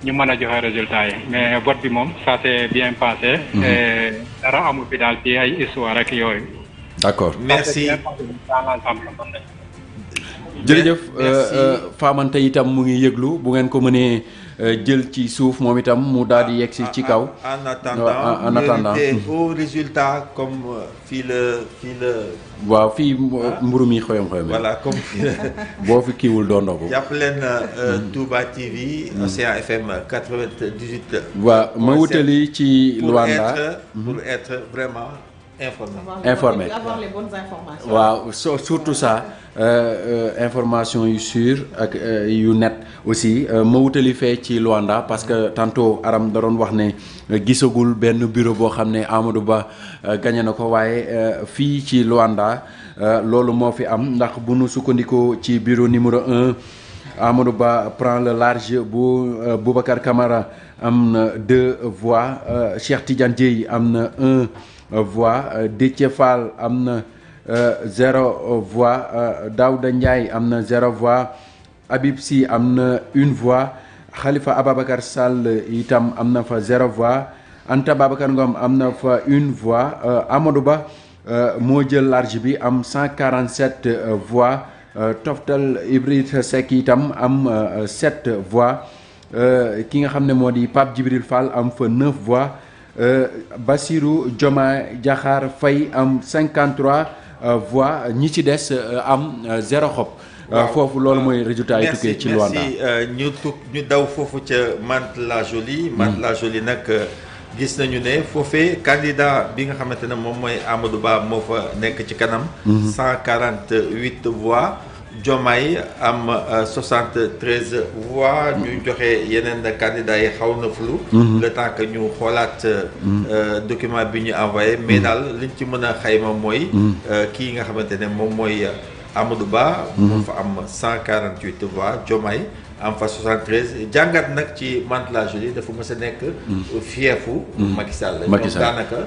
ñu mën a joxe résultat yi mais vote bi moom ça bien passé. Mhm. dara amu fi daal ci ay histoire ak yooyu. d'accord merci. jërëjëf euh, euh, faamante itam mu ngi yëglu bu ngeen ko mënee. Euh, jël ci suuf moom itam mu daal di yegsi ci kaw. en attendant en attendant euh, mhm. résultat comme euh, fii la fii la. waaw fii ah. mburu mi xoyom xoyom. voilà comme boo fi kiiwul doon ndogu. jàpp leen mhm. Touba TV. Mhm. Océan FM 98. waaw ma wutali ci. Luanda pour vraiment. informé avoir les bonnes informations. waaw surtout ça euh, euh, information sûre ak euh, yu net aussi ma wutali ci Luanda parce que tantôt Aram da doon wax ne gisagul ben bureau boo ne Amadou Ba gañe na ko waaye ci Luanda loolu moo fi am ndax bu nu dans bureau numéro un Amadou Ba prend le large bu Boubacar Camara am deux voix Cheikh Tidiane Dieye am un. Euh, voix euh, Déthié Fall euh, zéro voix Daouda Ndiaye am zéro voix Habib Sy am une voix Khalifa Ababakar Sall itam zéro voix Anta Babacar Ngom am une voix Amadouba Ba moo am 147 voix Toftal Ibrid Seck itam am 7 voix ki nga xam Pape Djibril Fall am 9 voix euh, Bassirou Diomaye Diakhar Fay am 53 euh, voix ni ci des euh, am zéro xob. fofu foofu moy résultat yi tukkee ci Luanda merci ñu tuk ñu daw fofu ci Mantes-la-Jolie. Hmm. Mantes-la-Jolie nak gis nañu né foofee candidat bi nga xamante mom moy Amadou Ba fa ci kanam. 148 hmm. voix. Diomaye am 73 euh, voix. Mm-hmm. ñu joxe yeneen candidat yi xaw na flou. Mm-hmm. le temps ñu xoolaat. Euh, mm-hmm. euh, document bi ñu envoyé. mais daal liñ ci mën a xayma mooy. kii nga xamante ne moom mooy Amadou Ba. moo fa am 148 voix Diomaye am fa 73 jàngat nag ci mantelage yi dafa mës a nekk. fiefu Macky Sall. Macky Sall daanaka.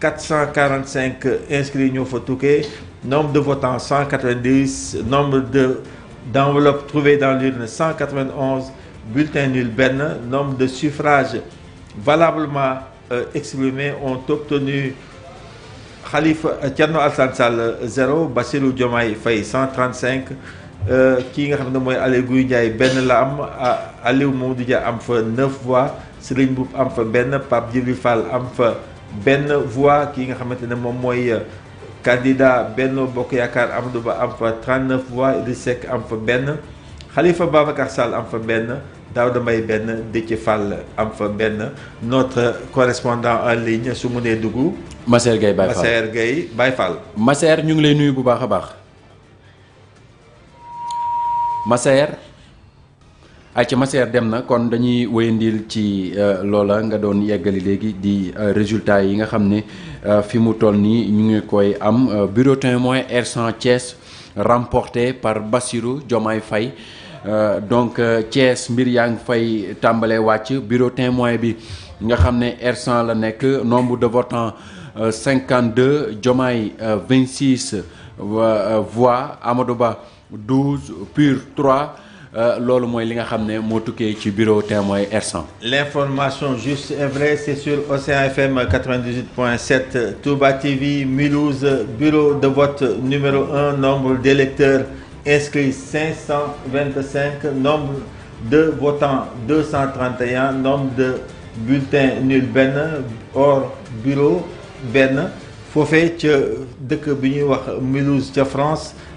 445 inscrits ñoo nombre de votants 190 nombre de enveloppes trouvées dans l'urne 191 bulletin nul ben, nombre de suffrages valablement euh, exprimés ont obtenu Khalifa euh, Tiano Al-Sansal 0 euh, Basilou Diomaye 135 King nga xam Ben Lam, Aly Ben Ndiaye la am 9 voix Serigne Mboup am fa ben Pape Djibril Fall am ben voix qui nga xamantene mom moy euh, candidat Benno Bokk yakar Amadou Ba 39 voix Idrissa Seck am benn Khalifa Babacar Sall am fa benn Daouda Mbaye benn Déthié Fall am benn notre correspondant en ligne su dougou masser gay Massaer masser Baye Fall masser ñu ngi lay nuyu bu baaxa baax. masser Aïcha ca Masseer dem na kon dañuy wéyandil ci euh, lola nga don yeggali léegi di euh, résultat yi nga xamné euh, fi mu toll ni ñu ngi koy am bureau témoin R100 Thiès remporté par Bassirou Diomaye Faye donc Thiès mbir yang fay tambalé wacc bureau témoin bi nga xamné R100 la nek nombre de votants 52 Diomaye 26 voix Amadou 12 PUR 3 euh, l'information juste et vraie c'est sur Océan 98.7 Touba TV Mulhouse bureau de vote numéro 1 nombre d'électeurs inscrits 525 nombre de votants 231 nombre de bulletins nuls ben hors bureau ben fofé faire Mulhouse France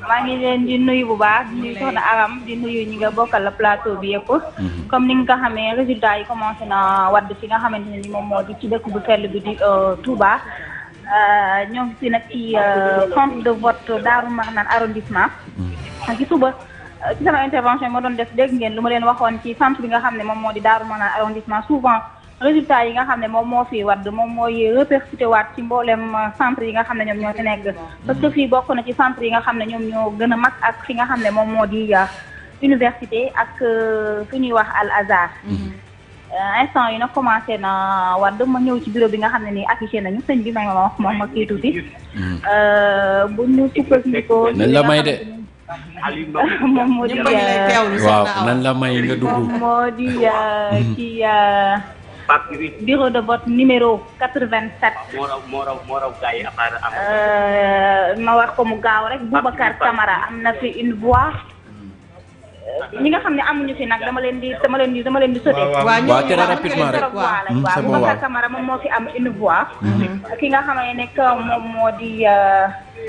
maa ngi leen di nuyu bu baax di nuyu soxna Aram di nuyu ñi nga bokkal plateau bi yëpp. Mhm. comme ni nga ko xamee résultat yi commencé na wadd fi nga xamante ni moom moo di ci dëkk bu sell bi di euh, Touba. Euh, ñoo ngi si nag ci euh, centre de vote Daaru Marnaan arrondissement. Mhm. ci suba ci sama intervention yi ma doon def dégg ngeen lu ma leen waxoon ci centre bi nga xam ne moom moo di Daaru Marnaan arrondissement souvent. résultat yi nga xam ne moom moo fi wadd moom mooy répercuté waat ci mboolem euh, centre yi nga xam ne ñoom ñoo ci nekk parce que bokk na ci centre yi nga xam ne ñoom ñoo gën a mag ak fi nga xam ne moom moo di euh, université ak euh, fu ñuy wax al azar mm-hmm. instant yi nag commencé na wadd ma ñëw ci bureau bi nga xam ne nii affiché nañu sëñ bi may ma wax moom ma kii tuuti mm-hmm. bu ñu sukkandikoo nañ la may de moom moo di waaw nañ la bureau de vote numéro 87. moo raw moo raw moo raw gars euh, ma wax ko mu gaaw rek Boubacar Camara am fi une voix hmm. ñi nga xam amuñu fi nag dama leen di dama leen di dama leen di sote waaw très rapidement rek hmm, Camara fi am une voix hmm. ki nga euh,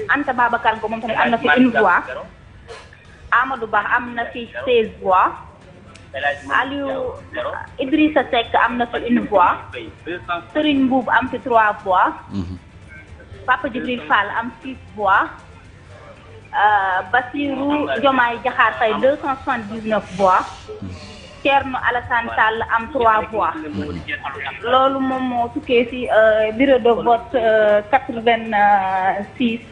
Anta Babacar tamit fi une voix Amadou fi 16 voix Aliou a Seck am na fa une voix Serigne Mbuub am fi trois voix mhm. Papa Djibril Fall am six voix euh, Bassirou Diomaye Diakhar Faye deux cent soixante-dix-neuf voix mhm. Thierno Alassane Sall am trois voix mhm. loolu moom moo tukkee ci euh, bureau de vote euh, quatre-vingt-six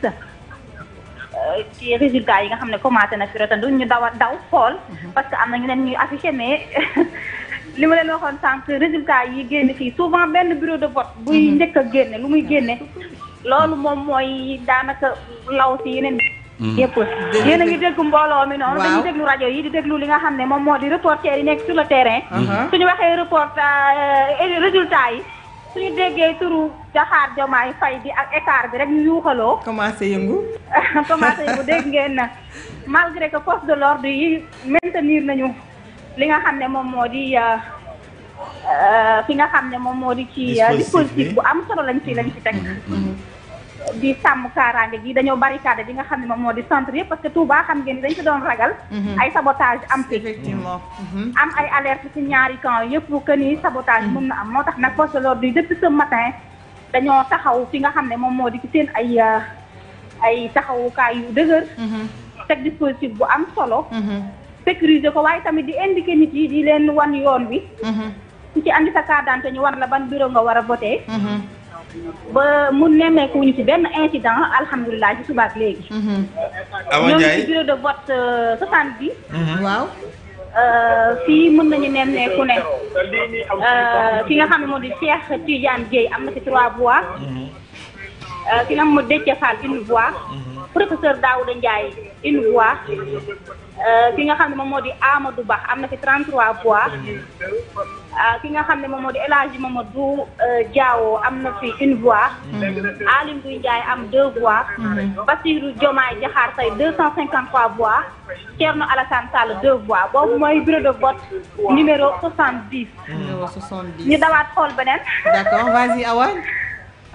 ci résultat yi nga xam ne commencé na fi rotandu ñu daw daw xool. Mhm. parce que am na ñu leen ñu affiché mais li ma leen waxoon sànq résultat yi génn fii souvent benn bureau de vote. buy mhm. njëkk a génne lu muy génne. loolu moom mooy daanaka law si yeneen. Mhm. yëpp yéen a ngi dégg mbooloo mi noonu. dañuy déglu rajo yi di déglu li nga xam ne moom moo di reporter yi nekk sur le terrain. ñu waxee report euh, résultat yi. suñu déggee turu jaxaar jomaay fay bi ak écart bi rek ñu yuuxaloo. commencé yëngu. commencé yëngu dégg ngeen na malgré que force de l'ordre yi maintenir nañu li nga xam ne moom moo di euh, euh, fi nga xam ne moom moo di. ci euh, dispositif bu am solo lañ fii lañ ci teg. Mm-hmm. di sàmm kaaraange gi dañoo barricade bi nga xam ne moom moo di centre yëpp parce que Touba xam ngeen ni dañ ko doon ragal. Mhm. ay sabotage am fi. Mhm. am ay alerte ci ñaari camp yëpp que ni sabotage mhm. mun na am moo tax nag force de l'ordre yi depuis matin dañoo taxaw fi nga xam ne moom moo di ci seen ay euh, ay taxawukaay yu dëgër. teg dispositif bu am solo. sécuriser ko waaye tamit di indiquer nit yi di leen wan yoon wi. ku ci andi sa carte d'identité ñu war la ban bureau nga war a voté. ba mu nemmeeku wuñu ci benn incident alhamdulilah ci subaak léegi. Mhm. Awa Ndiaye ñoom ci bureau de vote 70. Euh, mhm. mhm. waaw. Euh, fii mën nañu ku ne euh, ki nga xam ne moo di Cheikh Tidiane Dieye am na ci trois voix. ki nga xam moo Déthié Fall une voix. professeur Daouda Ndiaye une voix ki nga xam ne moom moo di Amadou Ba am na ci 33 voix. Euh, ki nga xam ne moom moo di moom Hadji Mamadou euh, Diawo am na fi une voix. Mm-hmm. Aly Ngouille Ndiaye am deux voix. Mm-hmm. Bassirou Diomaye Diakhar Faye deux cent cinquante trois voix. Thierno Alassane Sall deux voix boobu mooy bureau de vote numéro soixante dix. numéro soixante dix ñu dawaat xool beneen. d'accord vas-y Awa.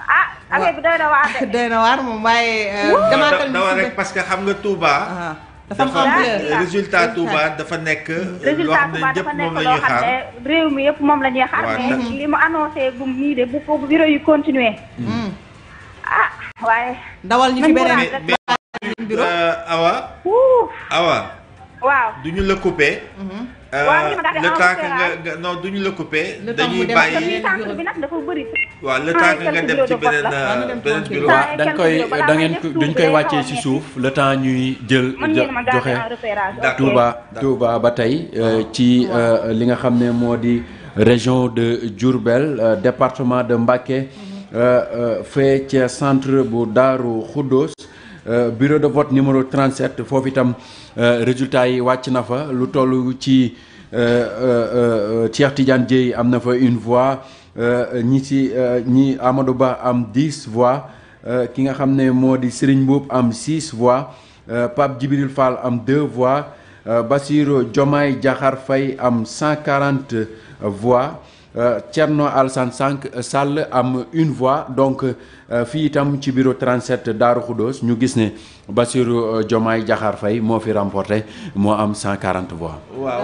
ah affaire bi doy na waar moom waaye. Euh, damaatal ñu parce que xam nga Touba. Ah. dafa résultat Touba dafa nekk. Euh, loo xam ne ñëpp moom la ñuy xaar réew mi yëpp moom la ñuy xaar. mais mm-hmm. li mu annoncé gum nii de bu ko bureau yu continuer mm-hmm. ah waaye. dawal ñu fi beneen waaw euh, le le couper. le temps non couper. dañuy le temps euh, nga dem ci dañ koy le temps ñuy jël Touba Touba euh, région de Jourbel. département de Mbacké. Mhm. centre bu bureau de vote numéro 37 fofu itam. Euh, résultats yi wacc na fa lu tollu ci euh euh, euh, euh Tidiane Dieye amna fa une voix euh ñi ci ñi Amadou Ba am 10 voix qui nga xamné modi Serigne am 6 voix Pape Djibril Fall am 2 voix Basir Djomay Jahar Fay am 140 voix Tcherno Alsan Sank Sall am une voix donc fi tam ci bureau 37 Darou Khodos ñu gis né Bassirou euh, Diomaye Diakhar Faye mo fi remporté mo am 140 voix. waaw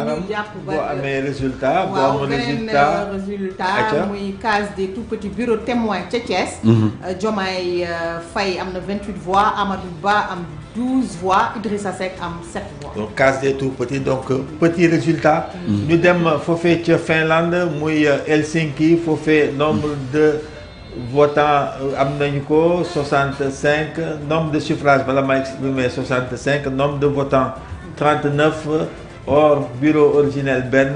anam boo amee résultat boo amul résultat waaw résultat muy case des tout petits bureaux témoins ci Thiès. Mhm. Euh, Diomaye euh, Faye am 28 voix Amadou Ba am 12 voix Idrissa Seck am 7 voix. donc case des tout petits donc petit résultat. Mhm. ñu dem fofé ci Finlande muy Helsinki fofé nombre de votant 65 euh, nombre de suffrages exprimé 65 nombre de votants 39 or bureau originel Ben,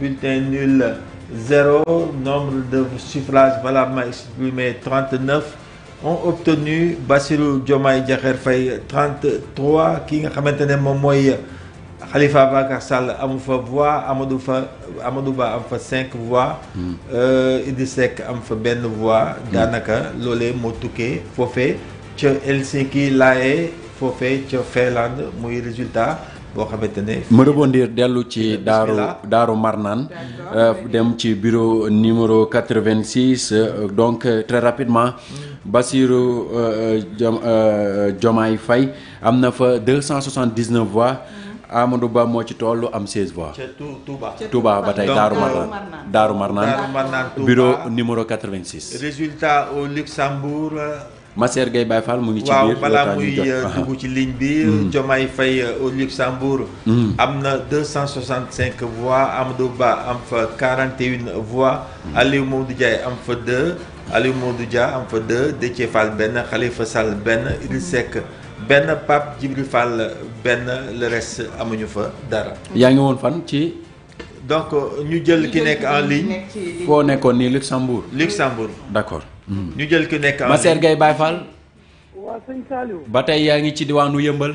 bulletin nul 0 nombre de suffrages exprimé 39 ont obtenu Basiru Diomaye Diakher 33 qui a xamantene mon moyen Khalifa Bakar Sall fait voix Amadou Ba 5 voix. Euh, Idriss Seck am fa benn voix. Danaka, Fofé, résultat. Euh, bureau numéro 86 euh, donc très rapidement mm. Bassirou Jomay Fay 279 voix. Amadou Ba moo ci tool am 16 voix. ca Touba Touba ba tey Daaru Marnaan Daaru Marnaan bureau numéro 86. résultat au Luxembourg. Euh, Masser Gueye Baye Fall mu ngi ci biir waaw muy euh, dugg ci ligne bi. Hmm. Diomaye Faye euh, au Luxembourg. Hmm. am na 265 voix Amadou Ba am fa 41 voix. Hmm. Aliou am fa 2 Aliou Mamadou am fa 2 Déthié Fall benn xalifa Sall benn Idrissa Seck. benn pap Djibril Fall benn le reste amuñu fa dara. ya ngi woon fan ci. donc ñu jël ki nekk en ligne. foo nekkoon ni Luxembourg. Luxembourg d'accord accord. Hmm. ñu jël ki nekk en ligne Masser Gueye Baye Fall. waaw sëñ Saliou. ba tey yaa ngi ci diwaanu yëmbal.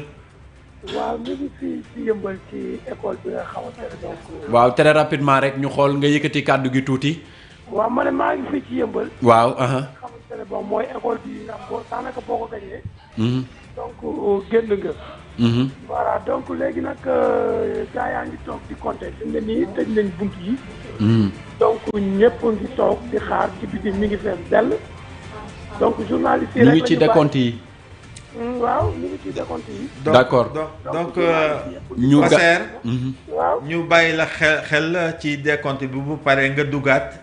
waaw ngi fi ci yëmbal ci école bi nga xamante ne donc. Euh, waaw très rapidement rek ñu xool nga yëkkati kàddu gi tuuti. waaw ma ngi fi ci bon école bi nga donc génn nga. Mhm. voilà donc léegi nag euh, gars yaa ngi toog di compter fi mu ne nii tëj nañ bunt yi. Mhm. donc ñëpp ngi toog di xaar ci biti mi ngi fees dell. donc journaliste yi ngi ci décompte yi. Hmm, waaw ñu ngi ci décompte yi. d' accord donc ñu. Mhm. waaw ñu bàyyi la xel xel ci décompte bi bu paree nga dugaat.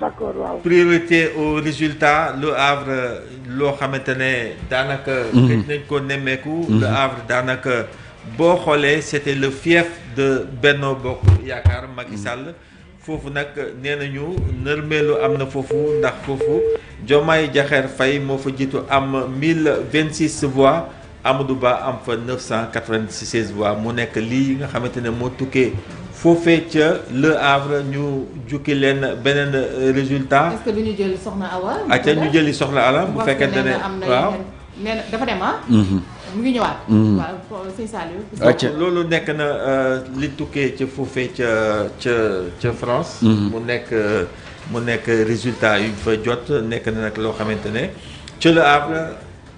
d'accord waaw. priorité au résultat Le Havre loo xamante ne daanaka. Mhm. gëj nañ ko nemmeeku. Mhm. Le Havre daanaka boo xoolee c'était le fief de Benno Bokk Yaakaar Macky mhm. Sall. foofu nag nee nañu nërmeelu am na foofu ndax fofu Jomay Jaxer Fay mo fa jitu am 1026 voix Amadou Ba am fa neuf voix mu nek li nga xamantene mo tuké fofé faire Le Havre ñu jukki un euh, résultat. est-ce que ñu jël soxna Awa. acca ah, ñu jëli soxna bu waaw dafa dem ah? mhm. mu ngi ñëwaat. Mhm. waaw na euh, li France. Mhm. mu euh, mu résultat yu fa jot na Le Havre.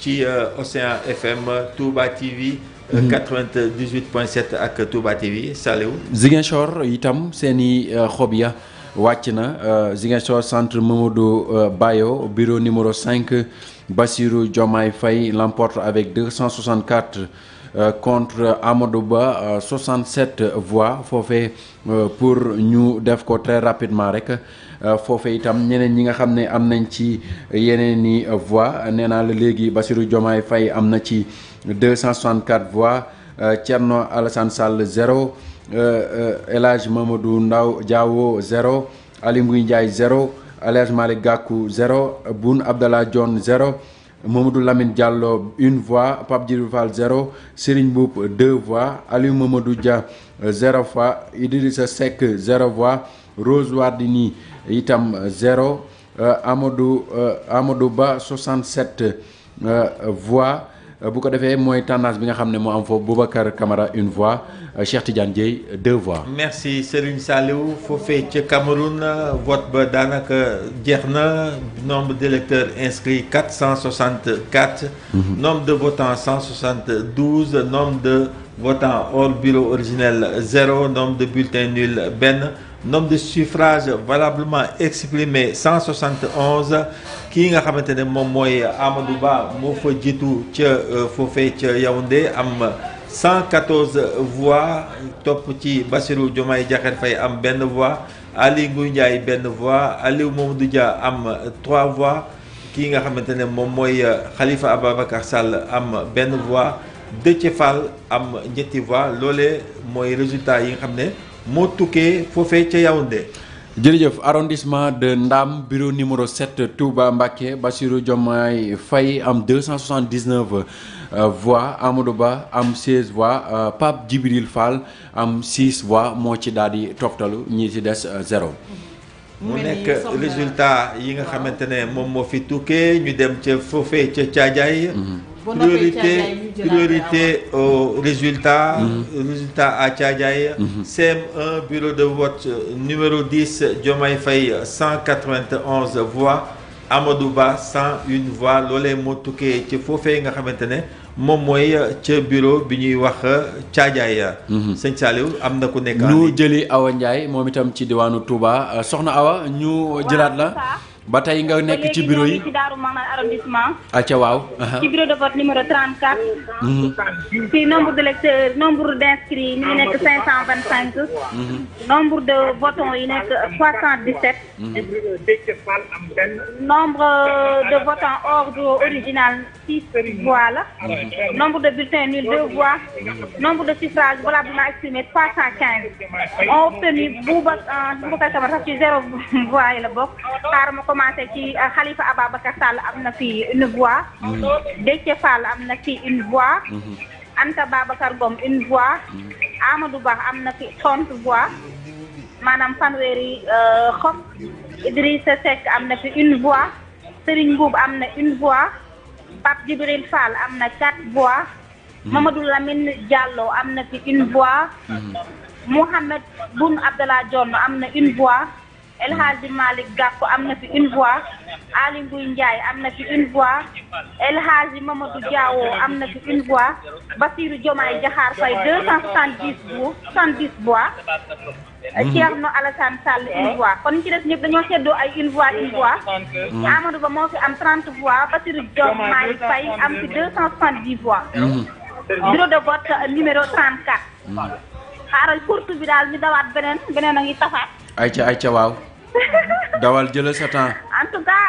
ci euh, Océan FM Touba TV. 98.7 avec Touba TV Salew. Ziguinchor itam seni Khobia euh, Wachina, ya na euh, Ziguinchor centre Mamadou Bayo bureau numéro 5 Bassirou Jomai Faye l'emporte avec 264. contre Amadou Ba 67 voix fofé faire pour ñu def ko très rapidement rek euh, Fofaitam itam ñeneen ñi nga xamné ci voix néna la Bassirou 264 voix euh, Thierno Alassane Sall zéro euh, elage Mamadou Ndaw 0 Ali 0. 0 zéro El Boun Abdallah john 0. Mamadou Lamine Diallo une voix Pape 0 zéro Serigne deux voix Aliou Mamadou Dia zéro fois Idrissa zéro voix Rose Wardini itam 0 euh, euh, Amadou euh, Amadou Ba 67 voix bu ko defee mooy tendance bi nga xamné ne am Camara une voix Cheikh Tidiane deux voix. merci Serigne Saliou fofé ci Cameroun vote ba danaka nombre d'électeurs inscrits 464. Mhm. nombre de votants 172 nombre de votants hors bureau originel 0 nombre de bulletins nuls ben nombre de suffrages valablement exprimés 171 Qui nga xamante ne moyen Amadou Ba mo fa euh, Yaoundé am 114 voix top ci Bassirou djomay Diakhar Faye am benn voix Ali Ngouille Ndiaye voix Dia am 3 voix qui nga xamantene euh, Khalifa Ababa Sall am deux voix De Fall am ñetti voix l'olé moy résultat yi nga moo tukkee foofee ca Yaoundé. jërëjëf arrondissement de Ndam bureau numéro 7 Touba Mbacké Bassirou Diomaye Faye am 279 euh, voix Amadou Ba am 16 voix euh, Pape Djibril Fall am 6 voix moo ci daal di toftalu ñi ci des euh, zéro. mu nekk résultat yi nga xamante ne moom moo fi tukkee ñu dem ca foofee ca Caajaay priorité priorité au résultat mm-hmm. résultat à Thiadiaye. Mm-hmm. CM1 bureau de vote numéro 10 Diomaye Faye 191 voix Amadou Ba 101 voix loolee moo tukkee ci foofee nga xamante ne moom mooy bureau bi ñuy wax Thiadiaye. Mm-hmm. sëñ Saliou am na ku nekk. ñu jëli Awa Ndiaye moom itam ci diwaanu Touba soxna Awa ñu jëlaat la ba tey nga nekk ci bureau yi ci Darou Maman arrondissement. acca waaw. ci bureau de vote numéro 34. ci mhm. nombre de lecteurs nombre d' inscrits ñu ngi nekk 525. Mhm. nombre de votants yi nekk 317. Mhm. nombre de votants ordre original 6 voix la. nombre de bulletins nuls 2 voix. nombre de suffrages voilà valablement exprimés 315. ont obtenu Boubacar euh, Boubacar Camara sax 0 zéro voix yi la bokk. commencé ci Khalifa Bakar Sall amna fi une voix. Déthié Fall amna fi une voix. Anta Babacar Gom une voix. Amadou Ba amna fi trente voix manam fanweri euh xom Idrissa Seck amna fi une voix Serigne Boub amna une voix Pape Jibril Fall amna na quatre voix Mamadou Lamine Diallo amna fi une voix Mohamed Boun Abdallah Diallo amna une voix El Hadji Malick Gakou am na fi une voix Aly Ngouille Ndiaye am na fi une voix El Hadji Mamadou Diawo am na fi une voix Bassirou Diomaye Diakhar Faye deux cent soixante-dix voix soixante-dix voix Thierno une voix kon ñu ci des ñëpp dañoo seddoo ay une voix une voix mm-hmm. Amadou Ba moo fi am trente voix Bassirou Diomaye Faye am fi deux cent soixante-dix voix mm-hmm. bureau de vote numéro trente-quatre mm-hmm. xaaral porte bi daal ñu dawaat beneen beneen a ngi tafaat ayca ayca waaw dawal jëla sa temps. en tout cas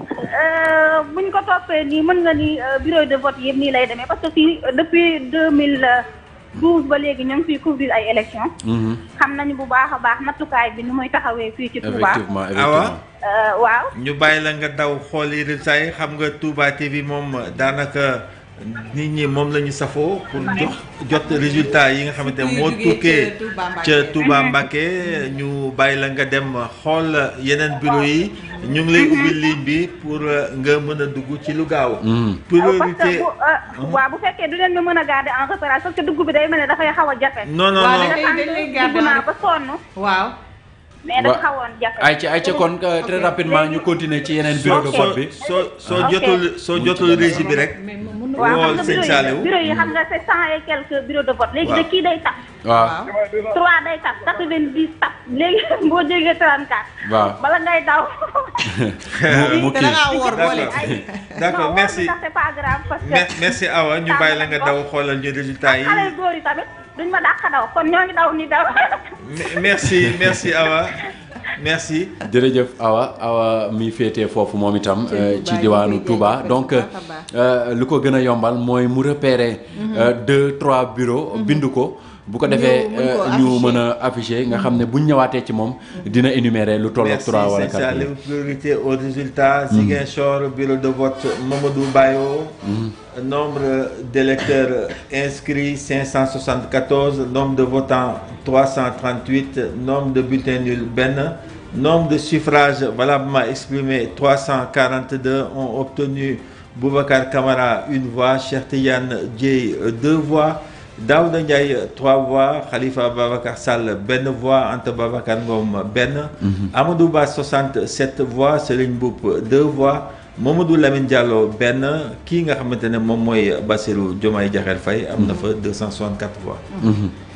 euh, bu ñu ko toppee nii mën nga ni euh, bureau de vote yëpp nii lay demee parce que euh, depuis deux mille douze ba léegi ñu ngi fiy couvrir ay élections. Mhm. xam nañu bu baax a baax nattukaay bi nu muy taxawee fii ci Touba. effectivement waaw. ñu bàyyi la nga daw xooli résultat yi xam nga Touba bi moom daanaka. nit ñi moom la ñu safoo pour jox jot résultat yi nga xamante moo tukkee ca Touba Mbacké ñu bàyyi la nga dem xool yeneen bureau yi ñu ngi lay ubbi ligne bi pour nga mën a dugg ci lu gaaw mm. priorité euh, euh, waaw bu fekkee du leen No mën a garder en repérage parce que dugg bi day mel ne dafay xaw a jafe non non non waaw da nga sànq dugg naa waaw mais dafa xawoon jafe ay ca ay ca kon euh, très rapidement ñu continuer ci yeneen bureau de vote bi. soo soo jotul soo jotul régie bi rek. waaw xam bureau yi xam nga c'est bureau de vote. léegi de kii day tax. Tua trois day kat quatre vingt dix tap léegi boo jégee trente quatre. waaw bala ngay daw. mu kii d' accord merci non c'est pas grave parce que. merci Awa ah, ñu bàyyi la nga daw xoolal ñu résultat yi. xale góor yi tamit duñ ma dàq daw kon ñoo ngi daw ni daw. merci merci Awa. merci jërëjëf Awa Awa mi féetee foofu moom itam euh, ci diwaanu Touba donc euh, lu ko gën a yombal mooy mu repérer mhm. euh, deux trois bureaux mhm. bindu ko. Si vous avez ñu euh, mën a afficher nga xam ne bu ci énumérer lu 3 c'est c'est au résultat. bureau de vote Mamadou Bayo. Hmm. nombre d'électeurs inscrits 574 nombre de votants 338 nombre de bulletins nuls Ben, nombre de suffrages valablement exprimés 342 ont obtenu Boubacar Camara une voix Cheikh Tidiane deux voix. daaw da Ndiaye trois voix Khalifa Babacar Sall benn voix Anta Babacar Ngom benn. Mhm. Amadou Ba 67 voix Serigne Mboup deux voix Mamadou Lamine Diallo benn kii nga xamante ne moom mooy Bassirou Diomaye Diakhar fay am na mhm. fa 264 voix. Mhm.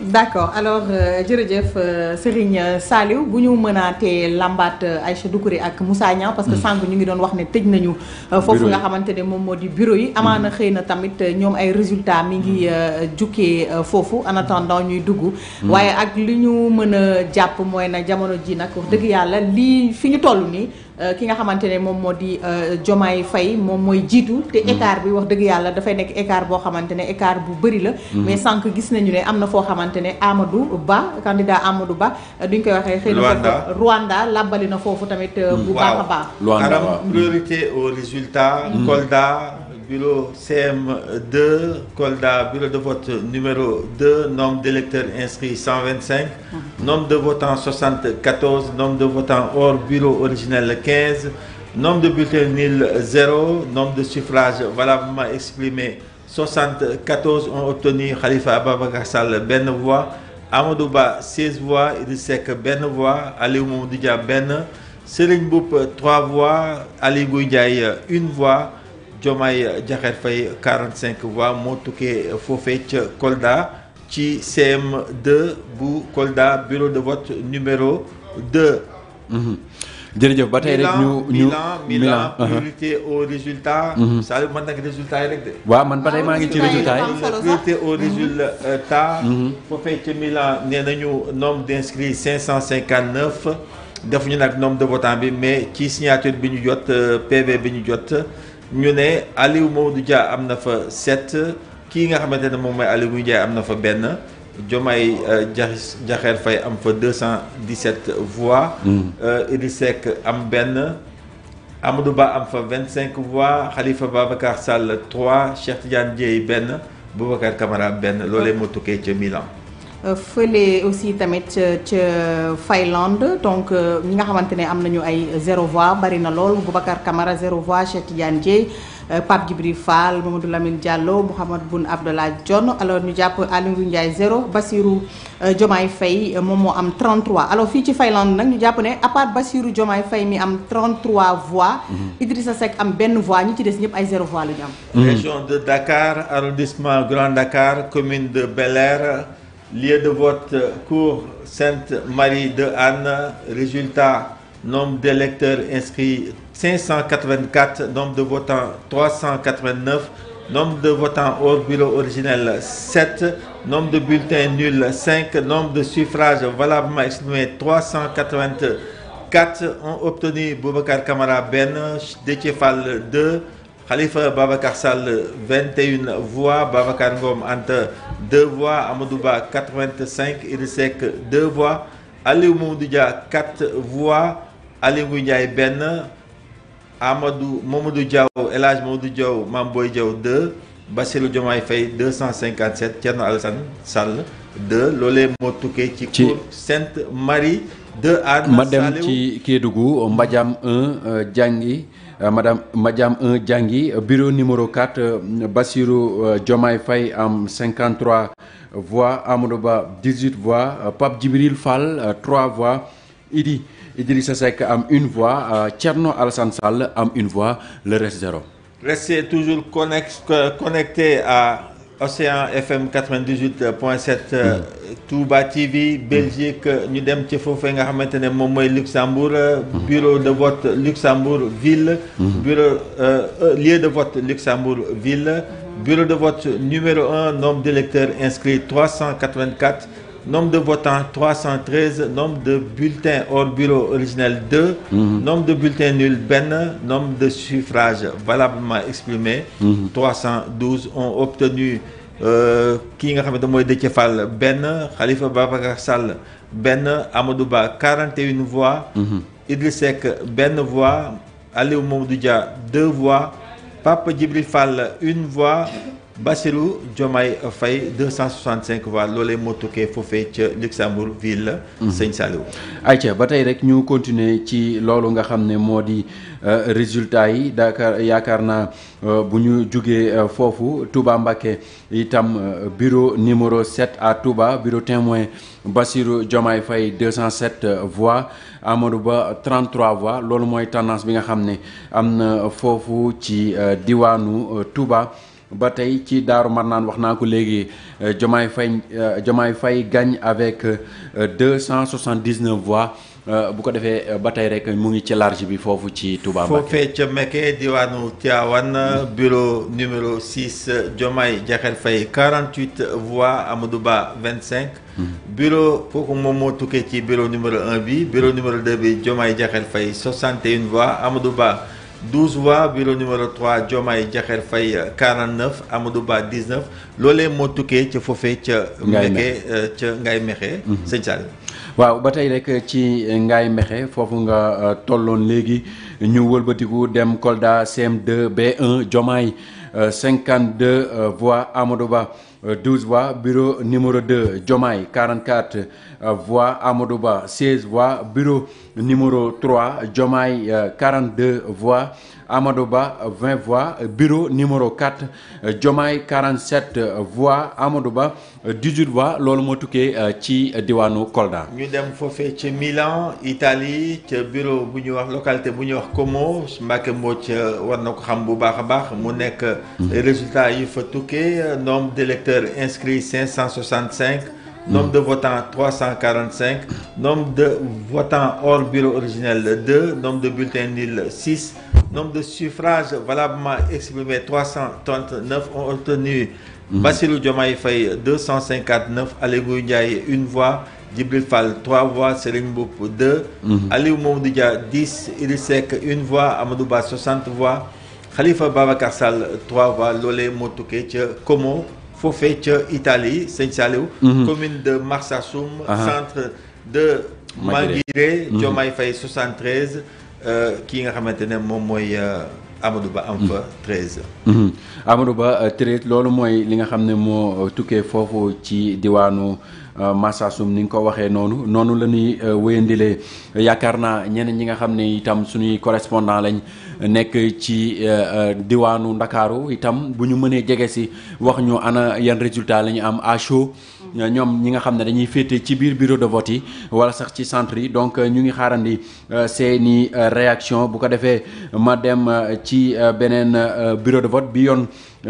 d'accord alors euh, jërëjëf euh, Serigne Saliou bu ñu mënaatee lambaat euh, Aïcha Doucouré ak Moussa Niang parce que hmm. sànq ñu ngi doon wax ne tëj nañu foofu nga xamante ne moom moo di bureau yi amaana hmm. xëy na tamit ñoom ay résultat mi ngi hmm. jukkee foofu en ñuy dugg waaye ak li ñu mën a jàpp mooy na jamono ji nag wax dëgg yàlla lii fi ñu toll nii Euh, ki nga xamante ne moom moo di Jomaay euh, Faye moom mooy jiitu te mm-hmm. écart bi wax dëgg yàlla dafay nekk écart boo xamante ne écart bu bari la mm-hmm. mais sànq gis nañu ne am na foo xamante ne amadu Ba candidat Amadou Ba duñ euh, koy waxee xëy na Rwanda làbbali na foofu tamit mm-hmm. bu baax a baax priorité au résultat Kolda bureau CM2, Colda. bureau de vote numéro 2, nombre d'électeurs inscrits 125, mhm. nombre de votants 74, nombre de votants hors bureau originel 15, nombre de bulletins nuls 0, nombre de suffrages valablement exprimés 74 ont obtenu Khalifa Ababakassal, Sall ben voix, Amadouba 16 voix, Idrissek ben voix, Aliou ben, Serigne 3 voix, Ali 1 voix, Diomaye Diakhar Faye 45 voix moo tukkee Kolda ci CM2 bu Kolda bureau de vote numéro 2. Mhm. Milan, Milan uh-huh. priorité au résultat. Ça yu man le résultat Oui, rek de. waaw man ba ngi ah, résultat yi priorité au résultat. Mhm. foofee Milan nañu nombre d'inscrits 559 def ñu un nombre de votants bi mais qui signature bi ñu jot euh, PV bi ñu ñu ne Aliou Mamadou Dia am na fa set kii nga xamante ne moom mooy Aliou muy Ndiaye am na fa benn Diomaye euh, Diakhar fay am fa 217 voix. Mm. Euh, Idrissa Seck am benn. Amadou Ba am fa 25 cinq Khalifa xalifa Sall 3 Cheikh Tidiane Dieye benn Boubacar Camara benn loolee moo tukkee ca Milan. Euh, fële aussi tamit ca Finlande donc euh, ñi nga xamante ne am nañu ay zéro voix bari na lool Boubacar Camara zéro voix Cheikh Tidiane euh, Pape Djibril Fall Mamadou Lamine Diallo Mohamed Boun Abdallah John alors ñu jàpp Aliou Ndiaye zéro Bassirou Diomaye Faye moom moo am 33 alors fii ci Finlande nous ñu jàpp ne à part Bassirou Diomaye Faye mi am 33 voix mhm. Idrissa Seck am benn voix ñi ci des ñëpp ay zéro voix la ñu région de Dakar arrondissement Grand Dakar commune de Bel Air lieu de vote euh, cours Sainte-Marie de Anne, résultat nombre d'électeurs inscrits 584, nombre de votants 389, nombre de votants au bureau originel 7, nombre de bulletins nuls 5, nombre de suffrages valablement exprimés 384 ont obtenu Boubacar Kamara Ben, Détiefal 2, Khalifa Babacar Sall, 21 voix. Babacar Ngom, entre 2 voix. Amadouba, 85. Idrissek, 2 voix. Aliou Moumoudoudia, 4 voix. Aliou Ndiaye, Ben. Amadou Mamadou Diaw, Elage Mamadou Diaw, Mamboy Diaw, 2. Basilou Diomay Faye, 257. Al Alassane Sall, 2. Lolé Motouke Tchikour, Sainte-Marie, 2. Anne, Madame Kiedougou, Mbadjam 1, euh, Djangi. Euh, madame Madiam euh, bureau numéro 4, euh, Bassirou Jomai Faye 53 voix, Amadouba 18 voix, Pape Djibril Fall 3 voix, Idi Idrissa 1 am voix, Tcherno Alassane sansal 1 voix, le reste zéro. Restez toujours connectés à Océan FM 98.7 euh, Touba TV Belgique nous dem ci Luxembourg euh, mm-hmm. bureau de vote Luxembourg ville mm-hmm. bureau euh, lieu de vote Luxembourg ville mm-hmm. bureau de vote numéro 1 nombre d'électeurs inscrits 384 Nombre de votants 313. Nombre de bulletins hors bureau originel 2. Mhm. Nombre de bulletins nuls ben. Nombre de suffrages valablement exprimés 312 mhm. ont obtenu euh, King nga de Kefal ben Khalifa Babacar ben ben. 41 voix. Mhm. Idrissek, ben voix Aliou 2 voix Pape Djibril Fall une voix. Bassirou Diomaye Faye 265 voix lolé motoké fofé ci Luxembourg ville. Mhm. Seigne Saliou. ay ba batay rek ñu continuer ci loolu nga xamné modi résultats euh, résultat yi Dakar yakarna naa euh, bu ñu Tuba Mbake euh, Touba Mbaké itam bureau numéro 7 à Touba bureau témoin Bassirou Diomaye Faye 207 voix Amadou Ba 33 voix loolu moy tendance bi nga xamné amna fofu ci diwaanu Touba. Bataille tey ci daaru Marnaan wax naa ko léegi euh, Diomaye Faye euh, Diomaye Faye gagne avec 279 euh, voix bu ko defee ba tey rek mu ngi ci large bi foofu ci Touba Mbacké foofee ca Mbacké diwaanu Tivaouane bureau numéro 6 Jomai Diakhar Faye 48 voix Amadou Ba 25 hmm. bureau kooku moom moo ci bureau numéro 1 bi bureau numéro 2 bi Diomaye Diakhar Faye 61 voix Amadou Ba 12 voix bureau numéro 3 Diomaye Diakhar Faye 49 Amadou Ba 19 loolee moo tukkee ca foofee ca. Ngaye Mexe euh, ca Ngaye Mexe. Mhm. sëñ Sall. waaw ba tey rek ci Ngaye Mexe foofu nga euh, tolloon léegi ñu wëlbatiku dem Kolda CM2 B1 Diomaye 52 euh, voix Amadou Ba 12 voix bureau numéro 2 Diomaye 44. Euh, voix, Amodoba 16 voix, Bureau numéro 3, Jomai 42 voix, Amodoba 20 voix, Bureau numéro 4, Jomai 47 voix, Amodoba 18 euh, voix loolu moo tukkee euh, ci Kolda. Nous dem fait Milan Italie bureau bu la localité bu Como Mbacke Mbodj war na xam bu hmm. résultat yi nombre d'électeurs inscrits 565 nombre de votants 345, nombre de votants hors bureau originel 2, nombre de bulletins nuls 6, nombre de suffrages valablement exprimés 339 ont obtenu mm Diomaye Faye 259, Alégou Ndiaye 1 voix, Djibril Fall 3 voix, Serigne Mboup 2, mhm. Aliou 10, Irisek 1 voix, Amadouba 60 voix, Khalifa Sall 3 voix, Lole Motouke Komo foofee Italy, Italie saint mhm. commune de Marsassoum centre de Manguiré qui qui 73 qui est maintenant à Amadouba, 13. Amadou 13 mhm. mhm. euh, loolu mooy li nga nous. Euh, Massassoum ni nga ko waxee noonu noonu la ñuy euh, wéyandilee yaakaar naa ñeneen ñi nga xam ne itam suñuy correspondant lañ nekk ci euh, diwaanu Ndakaaru itam bu ñu mënee jege si wax ñu ana yan résultat la ñu am à chaud nous ñi nga le dañuy ci biir bureau de vote yi wala sax ci centre yi donc euh, ñu ngi fait une euh, euh, réaction bu ko défé ma dem ci benen bureau de vote bi yon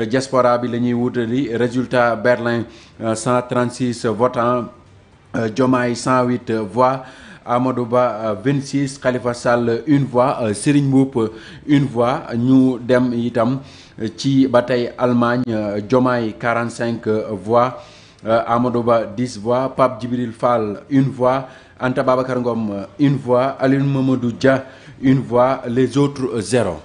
diaspora bi lañuy wutali résultat Berlin 136 votants jomay 108 voix Amadou 26 Khalifa Sall une voix Serigne Mboup une voix ñu dem itam ci bataille Allemagne Jomay 45 voix euh, Amadou 10 voix Pape Djibril Fall une voix Antababa Babacar Ngom euh, une voix Aline Mamadou Dia une voix les autres euh, zéro.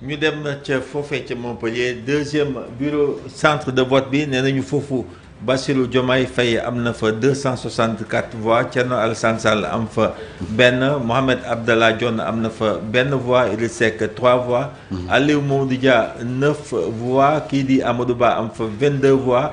Nous dem à de Montpellier deuxième bureau centre de vote Nous sommes à foofu Diomaye Faye a 264 voix Thierno Al Sansal am fa Ben, Mohamed Abdallah John fait Ben fa Il voix Idrissa Seck 3 voix. Mhm. Ali Mamadou Dia 9 voix Kidi dit Amadou fait am 22 voix.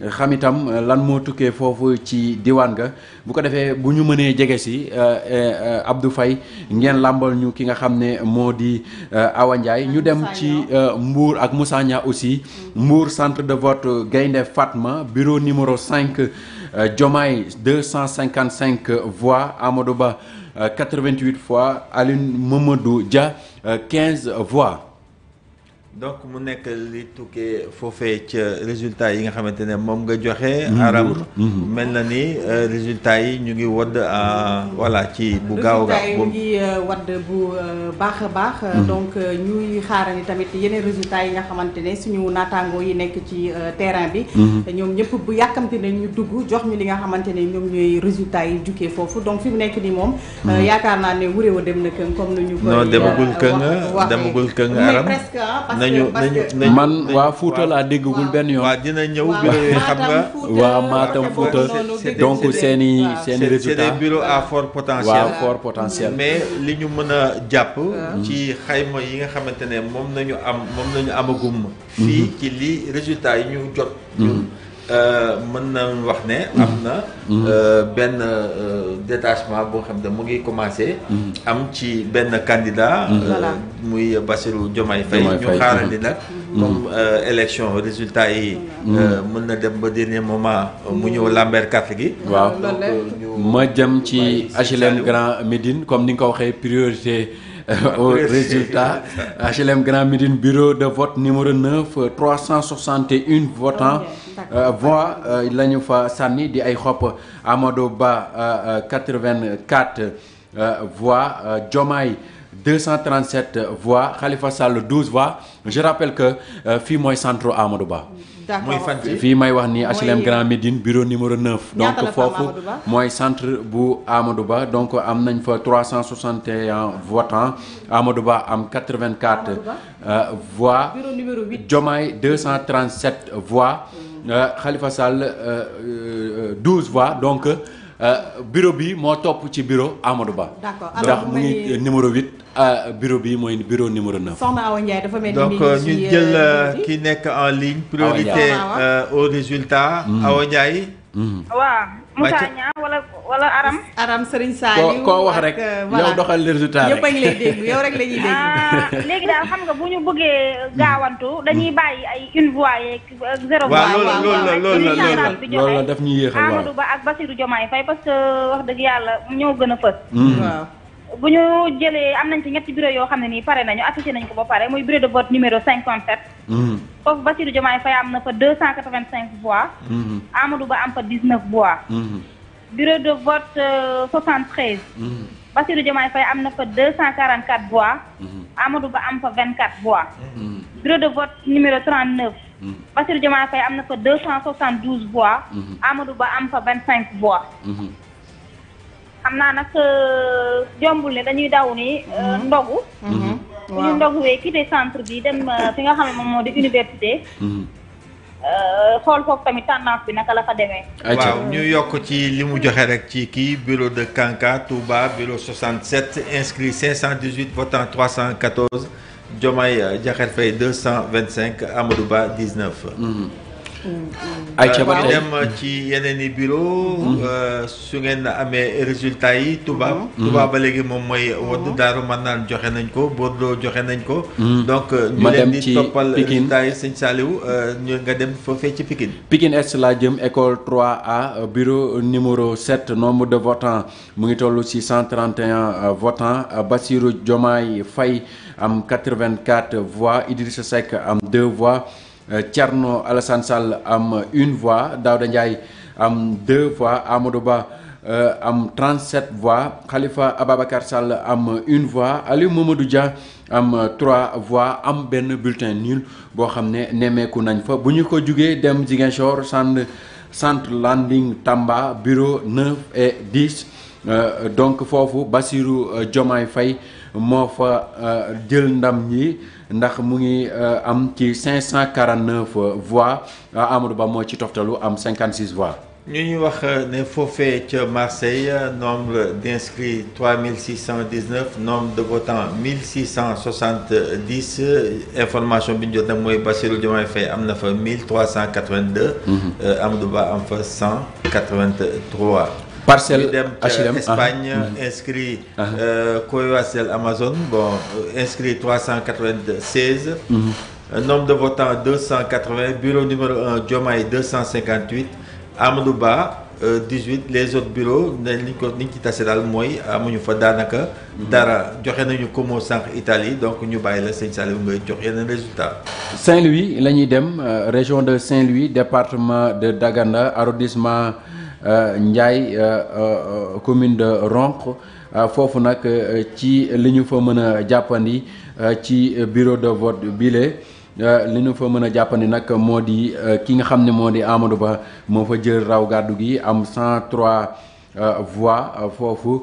xam itam euh, lan moo tukkee foofu ci diwaan ga bu ko defee bu ñu mënee jege si euh, euh, abdu fay ngeen làmbal ñu ki nga xam ne moo di Awa Ndiaye ñu dem ci Mbour ak Moussa aussi mm-hmm. Mbour centre de vote Gaynde Fatma bureau numéro 5 Diomaye 255 voix Amadou Ba 88 fois Aline Mamadou Dia 15 voix donc mu nekk li tukkee foofee ca résultat yi nga xamante ne moom nga joxe. Mhm. aram mhm. mel na ni euh, résultat yi ñu ngi wadd euh, voilà ci bu gaaw gaaw résultat yi ñu ngi euh, wadd bu baax a baax. Mhm. donc ñuy xaarani tamit yeneen résultat yi nga xamante ne suñu naataangoo yi nekk ci terrain bi. ñoom ñëpp bu yàkkamti nañ ñu dugg jox ñu li nga xamante ne ñoom ñooy résultat yi jukkee foofu donc fi mu nekk nii moom. yaakaar naa ne wuréewa dem na këng comme ni ñu. koy waxee non demagul këng demagul këng nañu nañu man waa Fouta laa déggagul benn yoon. waaw dina ñëw bureau yi xam nga. waa Matam Fouta donc seen i seen i résultats c'est des bureaux potentiel. waaw fort potentiel. mais li ñu mën a jàpp. Ah. ci xayma yi nga xamante ne moom nañu am moom nañu amagum. Mm-hmm. fii ci li résultats yi ñu jot. Mm-hmm. Euh, mën na wax ne mm-hmm. am na mm-hmm. euh, benn euh, détachement boo xam ne mu ngi commencé mm-hmm. am ci benn candidat muy Bassirou Diomaye Faye ñu xaarandi nag comme élection résultat yi mën na dem ba dernier moment mu ñëw Lambert carte gi waaw ma jëm ci HLM Grand Médine comme ni nga ko waxee priorité au résultat HLM Grand Médine bureau de vote numéro 9 361 votants Euh, voix euh, il y fa di ay xop Amadou Ba 84 euh, voix jomay 237 voix Khalifa Sall 12 voix je rappelle que fi moy centre Amadou Ba. mooy fi may wax ni HLM Grand bureau numéro 9. donc fofu moy centre bu Amadou Ba donc am nañ fa 361 votants Amadou Ba am 84 voix. bureau 237 voix. Euh, Khalifa Sall 12 euh, euh, voix donc bureau bi mo top ci bureau Amadou Ba. d'accord alors numéro 8 ah, bureau bi moy bureau numéro 9. donc ñu jël ki nek en ligne. priorité au résultat. Mm. Awa Ndiaye. Mm. waaw. Moussa walau, wala wala Aram. Aram Serigne Saliou koo wax rek yow doxal résultat rek ngi lay dégg yow rek la dégg. léegi daal xam nga bu ñu bëggee gaawantu dañuy bàyyi ay une voix yeeg zéro voix. waaw loolu la loolu la loolu la loolu la daf ñuy yéexal waaw Amadou Ba ak Bassirou Diomaye Faye parce que wax dëgg yàlla ñoo gën a fës. Hmm. waaw bu ñu jëlee am nañ ci ñetti bureau yoo xam ne nii pare nañu affiché nañ ko ba pare muy bureau de vote numéro 57. Hmm. foofu Bassirou Diomaye Faye am na fa 285 voix. Hmm. Amadou Ba am fa 19 voix. Hmm. bureau de vote 73. Euh, Bassirou Diomaye Faye am na fa 244 voix. Amadou Ba am fa 24 voix. bureau de vote numéro 39. Bassirou Diomaye Faye am na fa 272 voix. Amadou Ba am fa 25 voix. xam naa nag jombul euh, ne dañuy daw ni euh, mhm. ndogu bu mhm. mhm. ñu ndoguwee quitté centre bi dem euh, fi nga xam ne moom moo di université xool foofu tamit tendance bi naka la fa demee waaw ñu yokk ci li mu joxe rek ci kii bureau de Kanka Touba bureau 67 inscrit 518 votant 314 Diomaye Diakhar Faye 225 Amadou Ba 19 ayca ba tey dem ci yeneen i bureau mm-hmm. euh, su ngeen amee résultat yi tubaab mm-hmm. tubaab ba mm-hmm. léegi moom mooy wadd daaru mën naan joxe nañ ko Bordeaux joxe nañ ko donc euh, ñu leen di toppal résultat yi sëñ Saliou euh, ñu nga dem foofee ci Pikine Pikine Est la jëm école 3A bureau numéro 7 nombre de votants mu ngi toll ci 131 votants Bassirou Diomaye Faye am 84 voix Idrissa Seck am 2 voix euh, Thierno Alassane Sall am une voix Daouda Ndiaye am deux voix Amadou Ba euh, am 37 voix Khalifa Ababakar Sall am une voix Aliou Mamadou Dia am trois voix am ben bulletin nul bo xamné néméku nañ fa buñu ko jugee dem Ziguinchor sand centre Landing Tamba bureau 9 et 10 euh, donc fofu Bassirou Diomaye Faye moo fa jël ndam ñi ndax avons euh, am ci 549 euh, voix euh, Amadou Ba moo ci toftalu am 56 voix. Nous avons wax ne fofé Marseille nombre d'inscrits 3619 nombre de votants 1670 information bi ñu jot nag le Bassirou Diomaye 1382. Mm-hmm. Amadou Ba am fa 183 parcelle HLM H&M, ah, Espagne mm. inscrit ah. euh, Coyoacel Amazon bon euh, inscrit 396 mm-hmm. nombre de votants 280 bureau numéro 1 Diomaye 258 Amadouba 18 les autres bureaux ni liñ ko niñ ci amuñu fa danaka mm-hmm. dara joxé nañu centre Italie donc ñu bàyyi le sëñ Saliou ngay résultat Saint-Louis lañuy euh, région de Saint-Louis département de Dagana arrondissement euh, Ndiaye euh, euh, commune de Ronkh fofu nak ci liñu fa mëna a ci bureau de vote bile liñu fa mëna a jàppandi nag moo ki nga xamné modi Amadou Ba mo fa jël raw gàddu gi am 103 voix fofu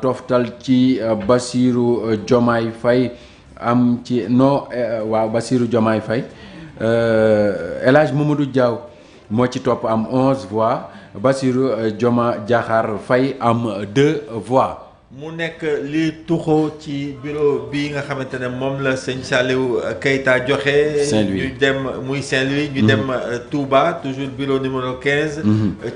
toftal ci Basirou Diomaye Fay am ci non wa Basirou Diomaye Fay euh Hadj Mamadou Diaw mo ci top am 11 voix. Bassirou Djoma euh, Djahar Fay am deux voix. mu nekk li tuxoo ci bureau bi nga xamantene mom la Seigne Saliou Keita joxe. ñu dem muy Saint-Louis. ñu dem mhm. euh, Touba toujours bureau numéro 15.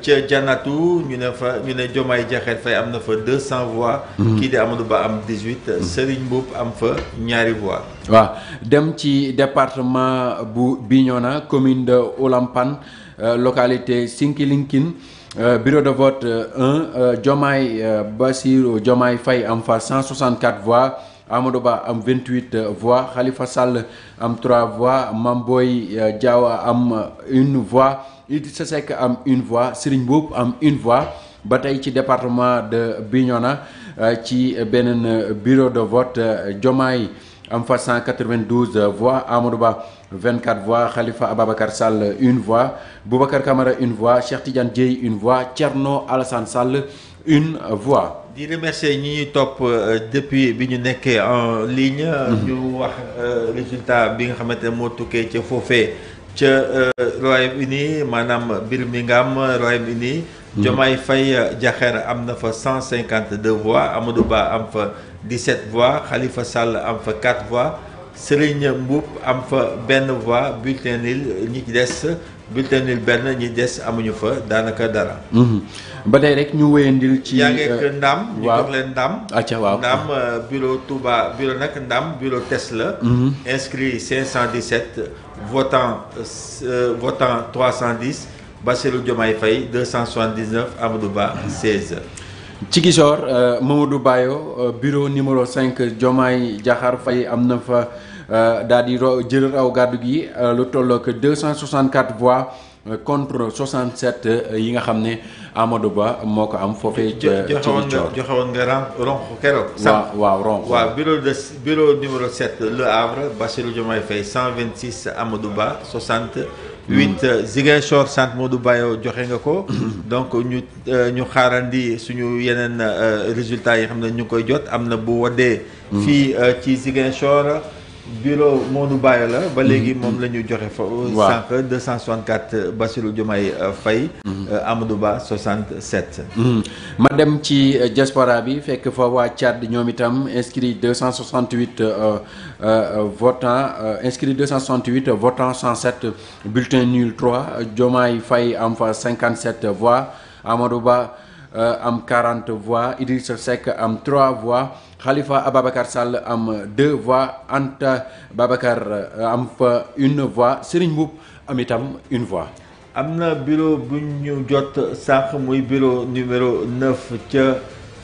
ci Janatu ñu ne fa ñu ne Diomaye Diakhar am na fa 200 voix. Mhm. ki di Amadou Ba am 18. Mhm. Serigne Mbop am fa ñaari voix. wa dem ci département bu Bignona commune de Olampane euh, localité Sinkilinkin. Euh, bureau de vote 1, euh, euh Basir ou Faye am fa 164 voix, Amodoba am 28 voix, Khalifa Sal am 3 voix, Mamboy Djawa am 1 voix, Idrissa Sasek am 1 voix, Serigne am 1 voix. Bataïti département de Bignona ci Benen bureau de vote Diomaye am fa 192 voix, Amadou 24 voix Khalifa Ababakar Sall une voix Boubacar Kamara une voix Cheikh Tidiane Dieye une voix Tcherno Alassane Sall une voix. Je remercie ñi top euh, depuis bi ñu en ligne. Euh, mhm. ñu wax euh, résultat bi nga xamante ne moo tukkee Royaume-Uni maanaam Birmingham Royaume-Uni. Mhm. Diomaye Faye Diakhar am 152 voix Amadou Ba am fa 17 voix Khalifa Sall am fa 4 voix. Serigne Mboup am fa benn voix bulletin nul ñi ci des bulletin benn ñi des amuñu fa danaka dara. Mhm. ba day rek ñu wéyandil ci. yaa ngeeg euh, Ndam. ñu jox leen Ndam. acca waaw Ndam euh, bureau Touba bureau nak Ndam bureau la. Mhm. inscrit 517 votant euh, votant 310 Bassirou Diomaye Faye 279 Amadou 16. ci Ziguinchor euh, du Bayo euh, bureau numéro 5 Diomaye Diakhar Faye am na fa euh, daal di jël raw gàddu gi lu tollook 264 voix contre 67 yi nga xam ne. Amadou Ba moo am fofé ci joxé joxewoon nga ronk kéro wa wa ronk. wa bureau de bureau numéro 7 Le Havre Bassirou Diomaye Faye 126 Amadou Ba 60. 8 hmm. Ziguinchor sant Modou Bayo joxe nga ko. Hmm. donc ñu euh, ñu xaarandi suñu yenen euh, résultat yi xam ne ñu koy jot amna bu waddee. Hmm. fi euh, ci Ziguinchor bureau Modou là, la ba mhm. léegi 264 Bassirou Diomaye euh, Faye Amadouba, 67 Madame, dem ci euh, diaspora bi fekk fa Tchad inscrit 268 euh, votants inscrit 268 votants 107 bulletin nul 3 Diomay Fay am 57 voix Amadouba, am 40 voix Idrissa Seck am 3 voix Khalifa Ababakar Sall am deux voix Anta Babakar euh, am une voix Serigne Mboup une voix. Amna bureau buñu jot bureau numéro 9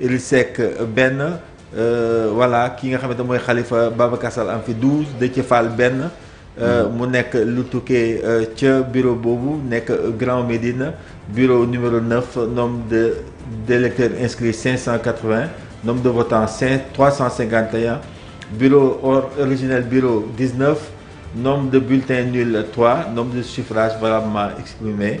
que Ben ben voilà Qui nga le moy Khalifa Babacar Sall am fi de Déthié Ben benn euh, mm-hmm. mu euh, bureau Bobu Nek Grand Médine bureau numéro 9 nombre de d'électeurs inscrits 580 nombre de votants 5 351 bureau or originel bureau 19 nombre de bulletins nuls 3 nombre de suffrages valablement exprimés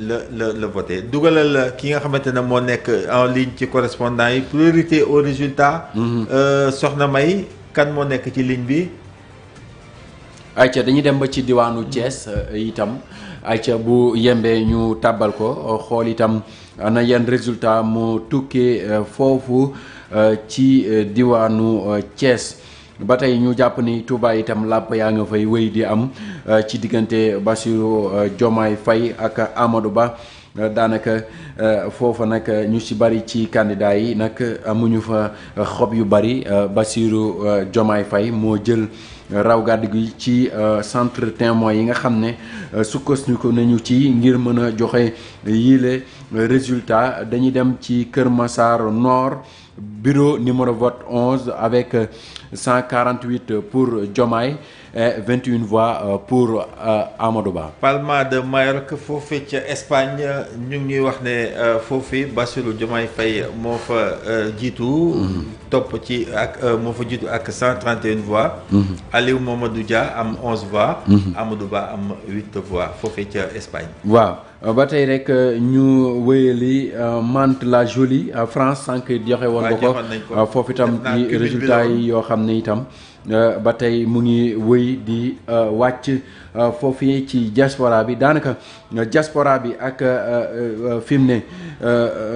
le, le, le voté dugalal ki nga xamante ne moo en ligne ci correspondant yi priorité au résultat. Mhm. Euh, soxna May kan moo nekk ci ligne bi. ayca dañuy dem ba ci diwaanu Thiès euh, itam ayca bu yembe ñu tabal ko xol itam ana yeen résultat mo tuké euh, fofu ci diwaanu Thiès. Bataille, nous ñu japp ni Touba itam làpp ya nga fay Amodoba, am euh, ci Chi Bassirou Nak euh, fay ak Amadou Ba euh, ñu bari ci candidat yi nak amuñu fa yu bari centre témoin yi nga xam nañu ci yile résultat dañuy dem Nord bureau numéro vote 11 avec 148 pour Diomaye et 21 voix euh, pour euh, Amodoba. Palma de Mallorca Foufet, Espagne ñu ngi ñuy wax ne euh, foofii Bassirou Diomaye Faye mo fa jitu mm-hmm. Top ci ak mo fa ak 131 voix. Mm-hmm. Aliou Mamadou Dia am 11 voix. Mm-hmm. Amadouba, am 8 voix Foufet, Espagne. waaw. Euh, ba tey rek euh, ñu wëyeli euh, mante la Jolie France sans joxe woon nga ko foofu itam di résultat yi yo xam itam ba tey mu ngi wëy di wàcc foofu ci diaspora bi danaka diaspora bi ak film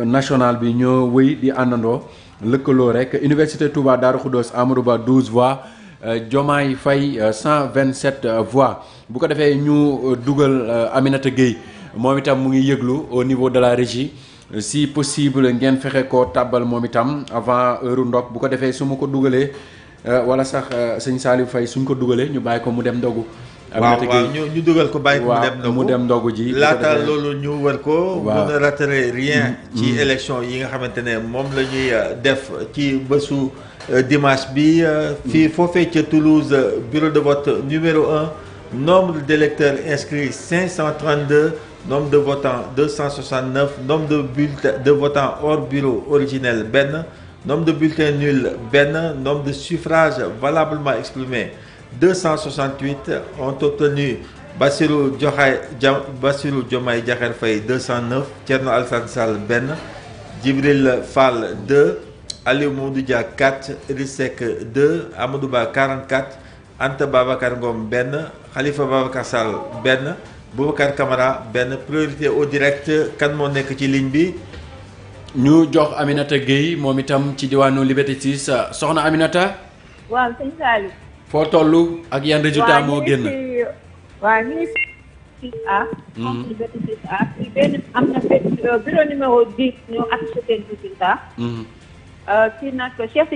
national bi ñoo wëy di andando lëkkaloo rek Université Touba Darou Khoudoss Amadou Ba 12 voix jomay Faye 127 voix bu ko défé ñu duggal Aminata Gueye moom itam mu ngi au niveau de la régie si possible ngeen fexe koo tàbbal moom itam avant heure ndog bu ko defee su ma ko dugalee euh, wala sax euh, sëñ Saliou Faye suñ ko dugalee ñu bàyyi ko mu dem ndogu waaw waaw ñu ñu dugal ko bàyyi ko mu dem ndogu ji laata loolu ñu war ko mun a ratere rien mm, mm. ci élection yi nga xamante ne moom la ñuy euh, def ci bésu dimanche bi fii mm. foofee ca Toulouse bureau de vote numéro un nombre d'électeurs inscrits 532 nombre de votants 269, nombre de, de votants hors bureau originel ben, nombre de bulletins nuls ben, nombre de suffrages valablement exprimés 268 ont obtenu Basirou Diomaye Diakhar 209, Tierno Al-Sansal ben, Djibril Fall 2, Ali Moudoudia 4, Rissek 2, Amadouba 44, Anta Babakar Ngom ben, Khalifa Babakassal ben, Boubacar Camara benn priorité au direct kan moo nekk ci ligne bi. ñu jox Aminata Gueye moom itam ci diwaanu Liberté 6 soxna Aminata. waaw sëñ Saliou. foo toll ak yan résultat moo génn. waaw ñu ngi ci hmm. ci 6A. Euh, hmm. euh,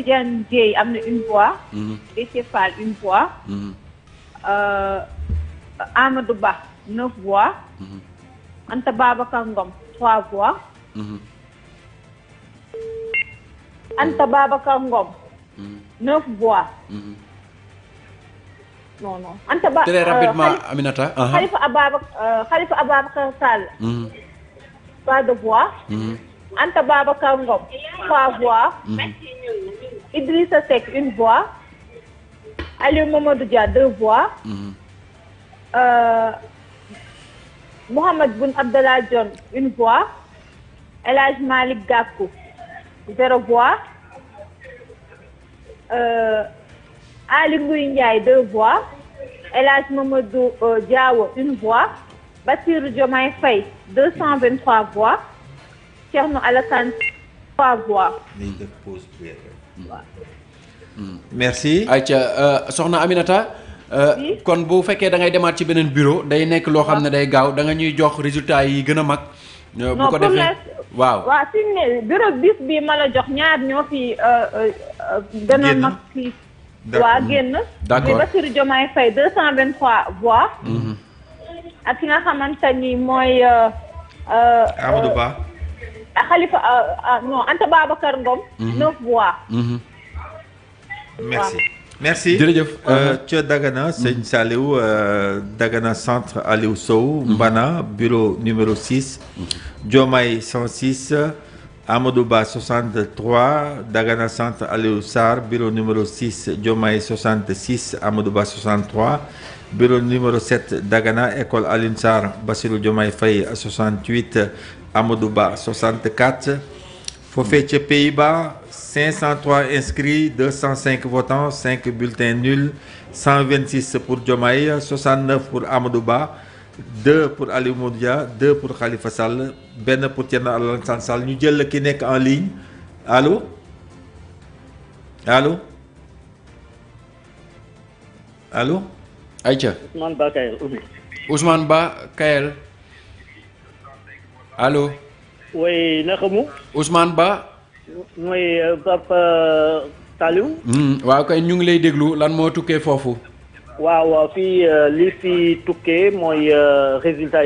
am na une voix. Hmm. Euh, Amadou Ba. neuf voix. Mm-hmm. Anta Babacar Ngom trois voix. Mm-hmm. Anta Babacar Ngom. Mm-hmm. neuf voix. Anta Ba. très euh, rapidement Aminata. Uh-huh. Euh, Khalifa Ababacar Khalifa Ababacar Ngom trois voix. Idrissa Seck une voix. Aliou Mamadou Dia deux voix. Euh, Mohamed Boun Abdallah John, une voix. Elage Malik Gakou, zéro voix. Euh, Ali deux voix. Elage Mamadou euh, Diawo, une voix. Bassir Diomaye Faye, 223 voix. Tcherno Alassane, trois voix. Hmm. Merci. Aïtia, euh, Sorna Aminata, Euh, kon bu fekkee da ngay demaat ci beneen bureau day nekk loo xam ne day gaaw da nga ñuy jox résultat yi gën a mag. Euh, bu ko defee waaw waaw suñ ne bureau bii ma la jox ñaar ñoo fi euh, gën a mag fii. waa génn. d'accord di mhm. ki nga xamante ni mooy. Amadou Ba. Khalifa non Anta Babacar Ngom. Mhm. neuf voix. Mhm. merci. merci euh, uh-huh. Tu es Dagana mm-hmm. où euh, Dagana centre Aliou mm-hmm. Mbana bureau numéro 6 mm-hmm. Diomaye 106 Amodouba 63 Dagana centre Aliou bureau numéro 6 Djomai 66 Amodouba 63 bureau numéro 7 Dagana école Alinsar, Basilou Bassirou Faye 68 Amodouba 64 fait Pays-Bas, 503 inscrits, 205 votants, 5 bulletins nuls, 126 pour Diomaye, 69 pour Amadouba, 2 pour Ali Moudia, 2 pour Khalifa Sall, Ben pour Tiana al Sall. Nous avons en ligne. Allô Allô Allô Aïcha. Ousmane Ba Kael. Ousmane Ba Kael. Allô oui, Nakamu. Ousmane Ba. Euh, Papa Talou. Hmm, kay ñu ngi lay déglu lan euh, euh, résultat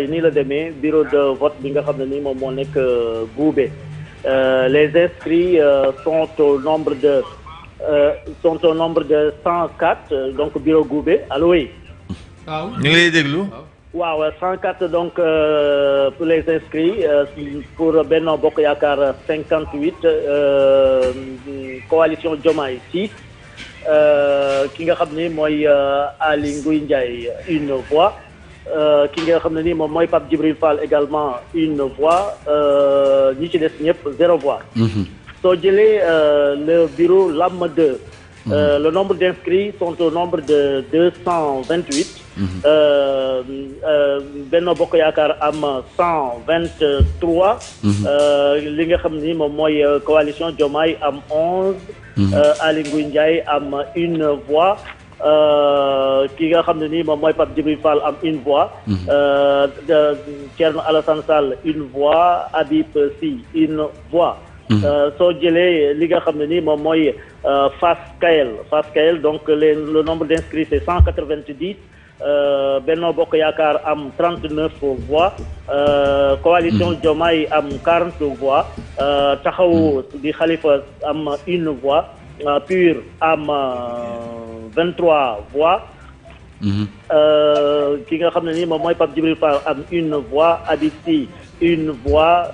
bureau de vote bi nga Goube. les inscrits sont au nombre de sont au nombre de 104, donc bureau Goube. Allô, oui waaw 104 euh, donc euh, pour les inscrits euh, pour Benno Bokoyakar, 58 coalition Jomaï, 6 Kinga Khamenei, moi, ni une voix qui Khamenei, moi, moi Djibril Fall également une voix ñi ci zéro voix. Donc mhm. le bureau LAM 2. Mhm. le nombre d'inscrits sont au nombre de 228 ben bokk yaakaar am 123 mhm. euh, li nga xam ni moom coalition jomaay am 11 ali nguy njaay am une voix ki nga xam ne ni pap jibril fall am une voix cern mhm. alassane sall une voix abib si une voix soo jëlee li nga xam ne ni moom fas fas donc le nombre d'inscrits est 190 Benoît euh, Benno Bokk 39 voix euh, coalition hmm. Diomaye am 40 voix euh, taxaw hmm. di Khalifa am une voix euh, PUR am 23 euh, voix hmm. ki nga xam ne nii moom une voix Habib une voix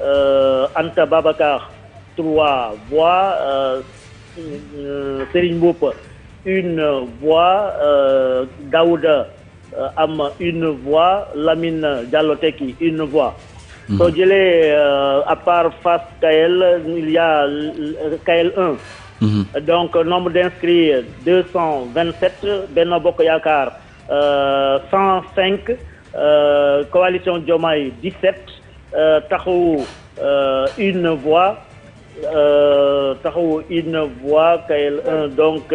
Anta Babacar trois voix Serigne une voix Daouda euh, am une voix Lamine dialotéki une voix. Mhm. soo euh, à part face kl il y a euh, kl 1. Mhm. Donc, nombre d'inscrits 227, Benaboko Yakar 105, Coalition Djomay 17, euh, une voix, Tahou une voix, KL1, donc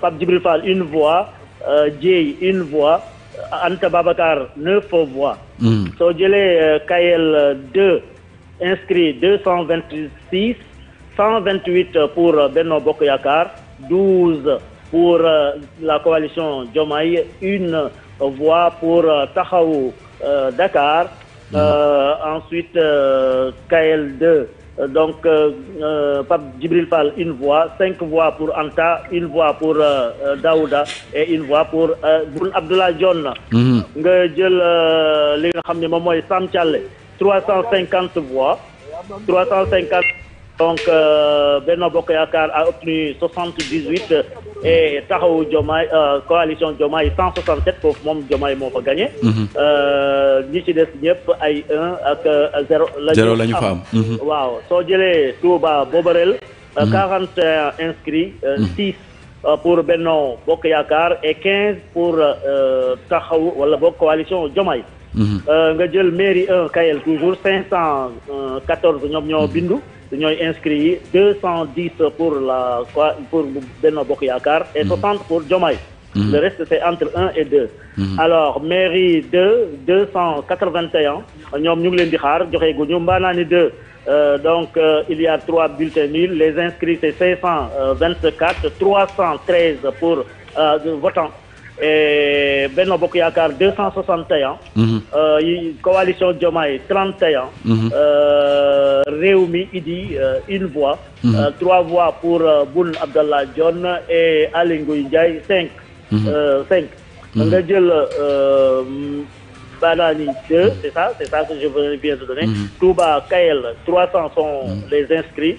Pape Djibril une voix, euh, J une voix. Anta Babakar, neuf voix. So j'ai KL2 Inscrit 226. 128 pour euh, Benno Bokoyakar. 12 pour euh, la coalition Djomaï. Une voix pour Tahaou Dakar. Hmm. ensuite, KL2 euh, donc euh, euh, Pape Djibril Fall une voix, cinq voix pour Anta, une voix pour euh, euh Daouda et une voix pour euh, Boun Abdullah John. Mhm. nga jël li nga xam ne moy mooy Sam Thialé 350 voix 350 donc, euh, Bernard a obtenu 78 et Tahaou Jomai, euh, coalition Jomai, 167 pour Mom Diomaye Mom gagné. Nous Nyep a eu 1 ak 0 0 lañu Wow, am. Mhm. Waaw, so jëlé Touba Bobarel 41 euh, mhm. inscrits, 6 euh, mhm. pour Benoît Bokoyakar et 15 pour euh, Tahaou wala coalition euh, nga jël mairie 1 Kayel toujours 514 ñom ñoo bindu avons inscrit 210 pour la et 60 mhm. pour Jomay mhm. le reste c'est entre 1 et 2 mhm. alors mairie 2 281 ñom ñu euh, donc euh, il y a 3 bulletins les inscrits c'est 524 313 euh, pour votants ben no yakar 261 coalition 31 mhm. euh, réumi idi euh, une voix mhm. euh, trois voix pour Boun abdallah john et alingou 5 5 nga banani 2 c'est ça c'est ça que je veux bien te donner tout mhm. touba kael 300 sont les inscrits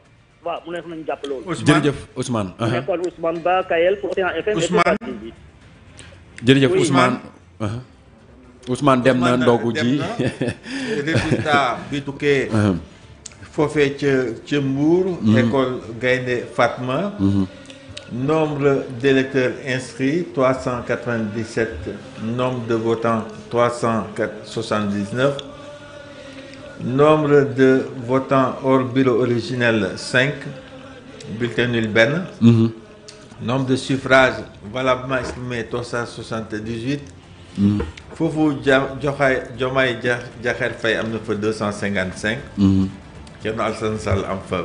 waaw Ousmane jërëjëf Ousmane. Ousmane Ba Kayel pour Océan FM. Ousmane jërëjëf Ousmane. Ousmane résultat école Gaynde Fatma. Mhm. nombre d'électeurs inscrits 397 nombre de votants 379. Nombre de votants hors bureau originel 5, bulletin nul mhm. Nombre de suffrages valablement estimé 378. Foufou, -hmm. Fofu Diomaye Faye 255. Thierno Al-Sansal am fa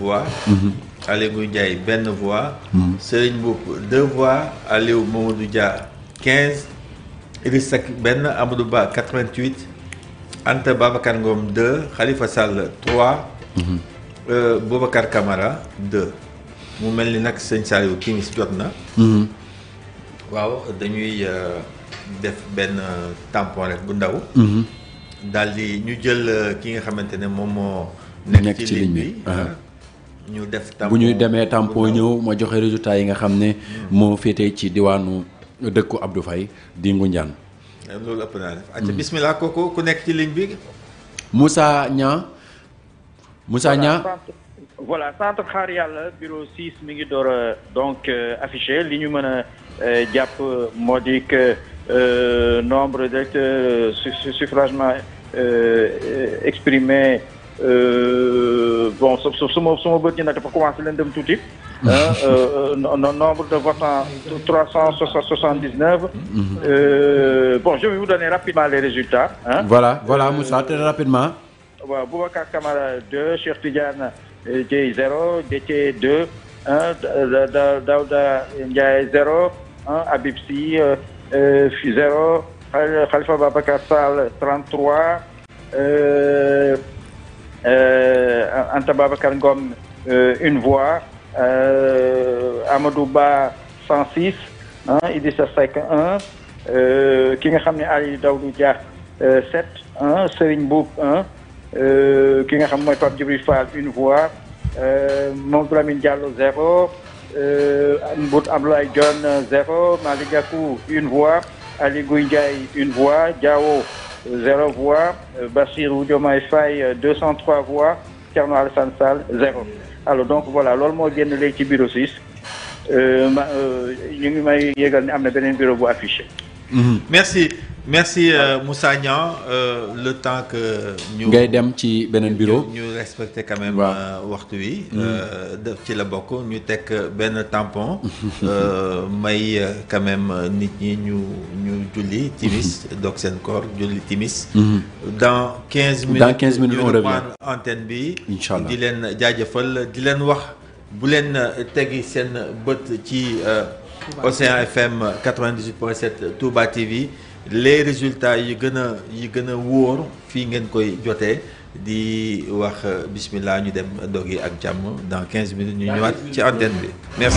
voix. Mhm. Aly Ngouille Ndiaye voix. Mhm. Serigne Bouk, deux voix. Aléou Mamadou 15. Idrissa Ben, Amrouba, 88. Anta Babacar Ngom 2 Khalifa Sall 3. Mhm. Euh, Boubacar Camara 2. mu mel ni nag sëñ Saliou timis jot na. Mhm. waaw dañuy euh, def benn euh, tampon rek bu ndaw. Mhm. daal di ñu jël ki nga xamante ne moom moo. nekk ci ligne bi ah. ñu def tampon bu ñuy demee tampon ñëw ma joxe résultat yi nga xam ne hmm. moo féete ci diwaanu dëkku Abdou Faye di Ngoundiane. loolu ëpp naa def. acca hmm. bismillah kooku ku nekk ci ligne bi. Moussa Niang. Moussa Niang voilà centre xaar yàlla bureau 6 mi ngi door a donc euh, affiché li ñu mën a euh, jàpp moo di que euh, nombre de suffragement exprimé. Euh... bon ce mot, ce mot, ce mot, ñu nag dafa commencé type dem ah, euh, euh nombre de votants 379. Mhm. Euh, bon je vais vous donner rapidement les résultats. Hein. voilà voilà Moussa très rapidement. Voilà, Boubacar Kamara, 2 Cheikh Tidiane 0 gt 2 Daouda Ndiaye 0 Habib Sy 0 euh, Khalifa Babacar Sal 33. Euh, Antababa Kangom Ngom euh, une voix, euh, Amadou 106 Idissa hein, Idrissa 1 ki Ali Ali 7 1 Serin Boub 1 ki nga xam une voix euh, Diallo 0 Mbout Abdoulaye 0 Malick une voix Ali Gueye une voix Gao. 0 voix, euh, Bachir Oudiomaye Faye 203 euh, voix, Thierno Sansal, 0. alors donc voilà loolu moo génn léegi ci bureau 6 euh, ma euh, ngi may yégal ne am na bureau bu affiché. Mmh. merci merci euh, Moussa Nyan. Euh, le temps que. nous Nous quand même. tampon. quand même euh, timis mm-hmm. timis. Mm-hmm. dans 15 minutes dans minutes on FM 98.7 Touba TV les résultats yi vont, yi gëna woor di wax bismillah ñu dem dog ak dans 15 minutes ñu merci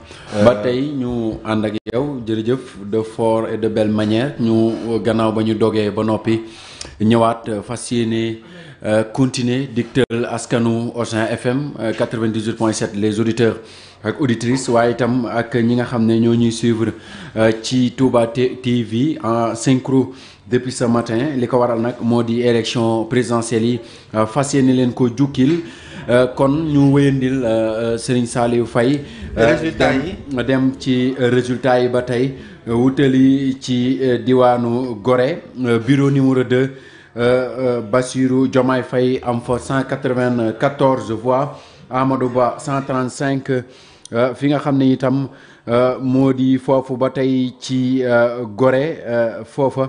Euh, ba nous ñu ànd ak yow de fort et de belle manière ñu gannaaw ba ñu dogee ba noppi ñëwaat fas euh, continuer diktal askanu Ocean FM 98.7 les auditeurs ak auditrices, waye tam ak ñi nga xam ñoo ñuy suivre euh, ci Touba TV en synchro depuis ce matin liko waral nak modi élection présidentielle yi fas ko euh, kon ñu wéyandil euh, euh, Serigne Saliou Faye résultat yi dem ci résultat yi ba tey wutali ci diwanu Gorée bureau numéro 2 Bassirou Diomaye Faye am fa 194 voix Amadou Ba 135 fi nga xam itam moo di ba ci Gorée fofu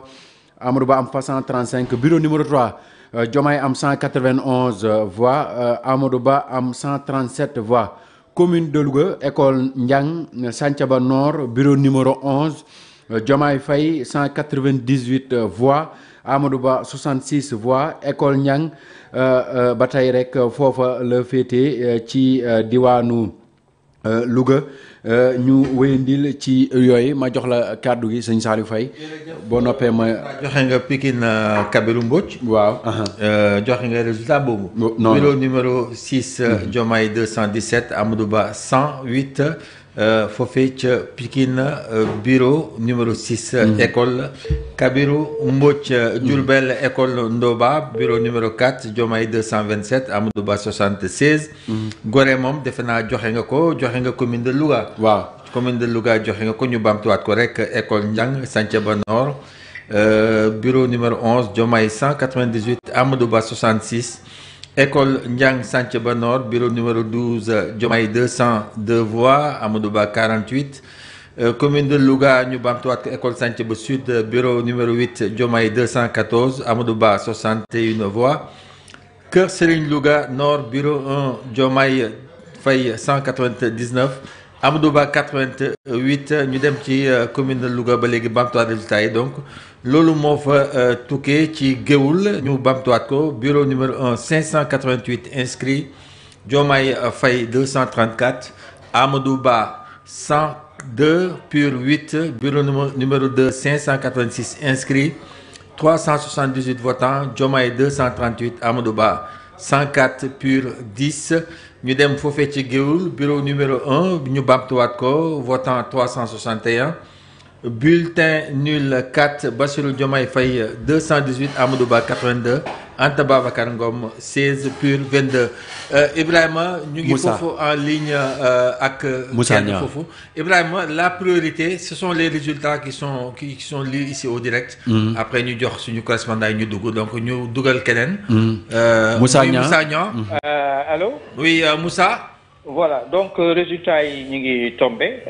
Amadou am 135 bureau numéro 3 Jomai euh, am 191 euh, voix euh, Amodoba am 137 voix commune de Lugue, école Ndiang Santhiaba Nord bureau numéro 11 jomai Faye 198 voix Amodoba, 66 voix école Nyang, bataille Fofa, Le le Chi, chi ci euh, ñu avons ci yooyu ma jox la kàddu gi sëñ Saliou Faye boo noppee ma. joxe nga Pikine euh, Kabirou un waaw. Euh, joxe nga résultat boobu. non numéro 6. Mm-hmm. Diomaye 217 Amadou 108. Euh, foofee Pikin euh, bureau numéro 6. Euh, mm. école Kabiru Mbodj. Mm. Djulbel école Ndoba bureau numéro 4 Djomay 227 Amoudouba 76. Gore mom defena naa nga ko nga commune de Louga. wa commune de Louga joxe nga ko ñu ko rek école Njang Santhiaba Nord. bureau numéro 11 Djomay 198 Amadouba 66 école Ndiang Sanche Nord bureau numéro 12 Jomai 202 voix Amadou 48 euh, commune de Louga ñu école Sud bureau numéro 8 Jomai 214 Amadou 61 voix cœur Louga Nord bureau 1 Jomai 199 Amadouba 88 sommes dans la commune de Louga ba léegi résultat donc Loloumov moo qui est euh, ci nous ñu bureau numéro 1 588 inscrits Diomaye Faye 234 Amadouba 102 PUR 8 bureau numéro 2 586 inscrits 378 votants Diomaye 238 Amadouba 104 PUR 10 nous sommes prophétiques, bureau numéro 1, nous sommes votant 361. Bulletin nul 4, Bassirou Diomaye Faye 218, Amadouba 82, Antaba 16, Pur 22. Euh, Ibrahima, nous sommes en ligne euh, avec euh, Moussa Ibrahim, la priorité, ce sont les résultats qui sont, qui, sont lus ici au direct. Mm. Après, nous avons en nous correspondant donc nous Dougal Kenen. Mm. Euh, Moussa Moussa mm. euh, Allô Oui, euh, Moussa. Voilà, donc résultat, est tombé.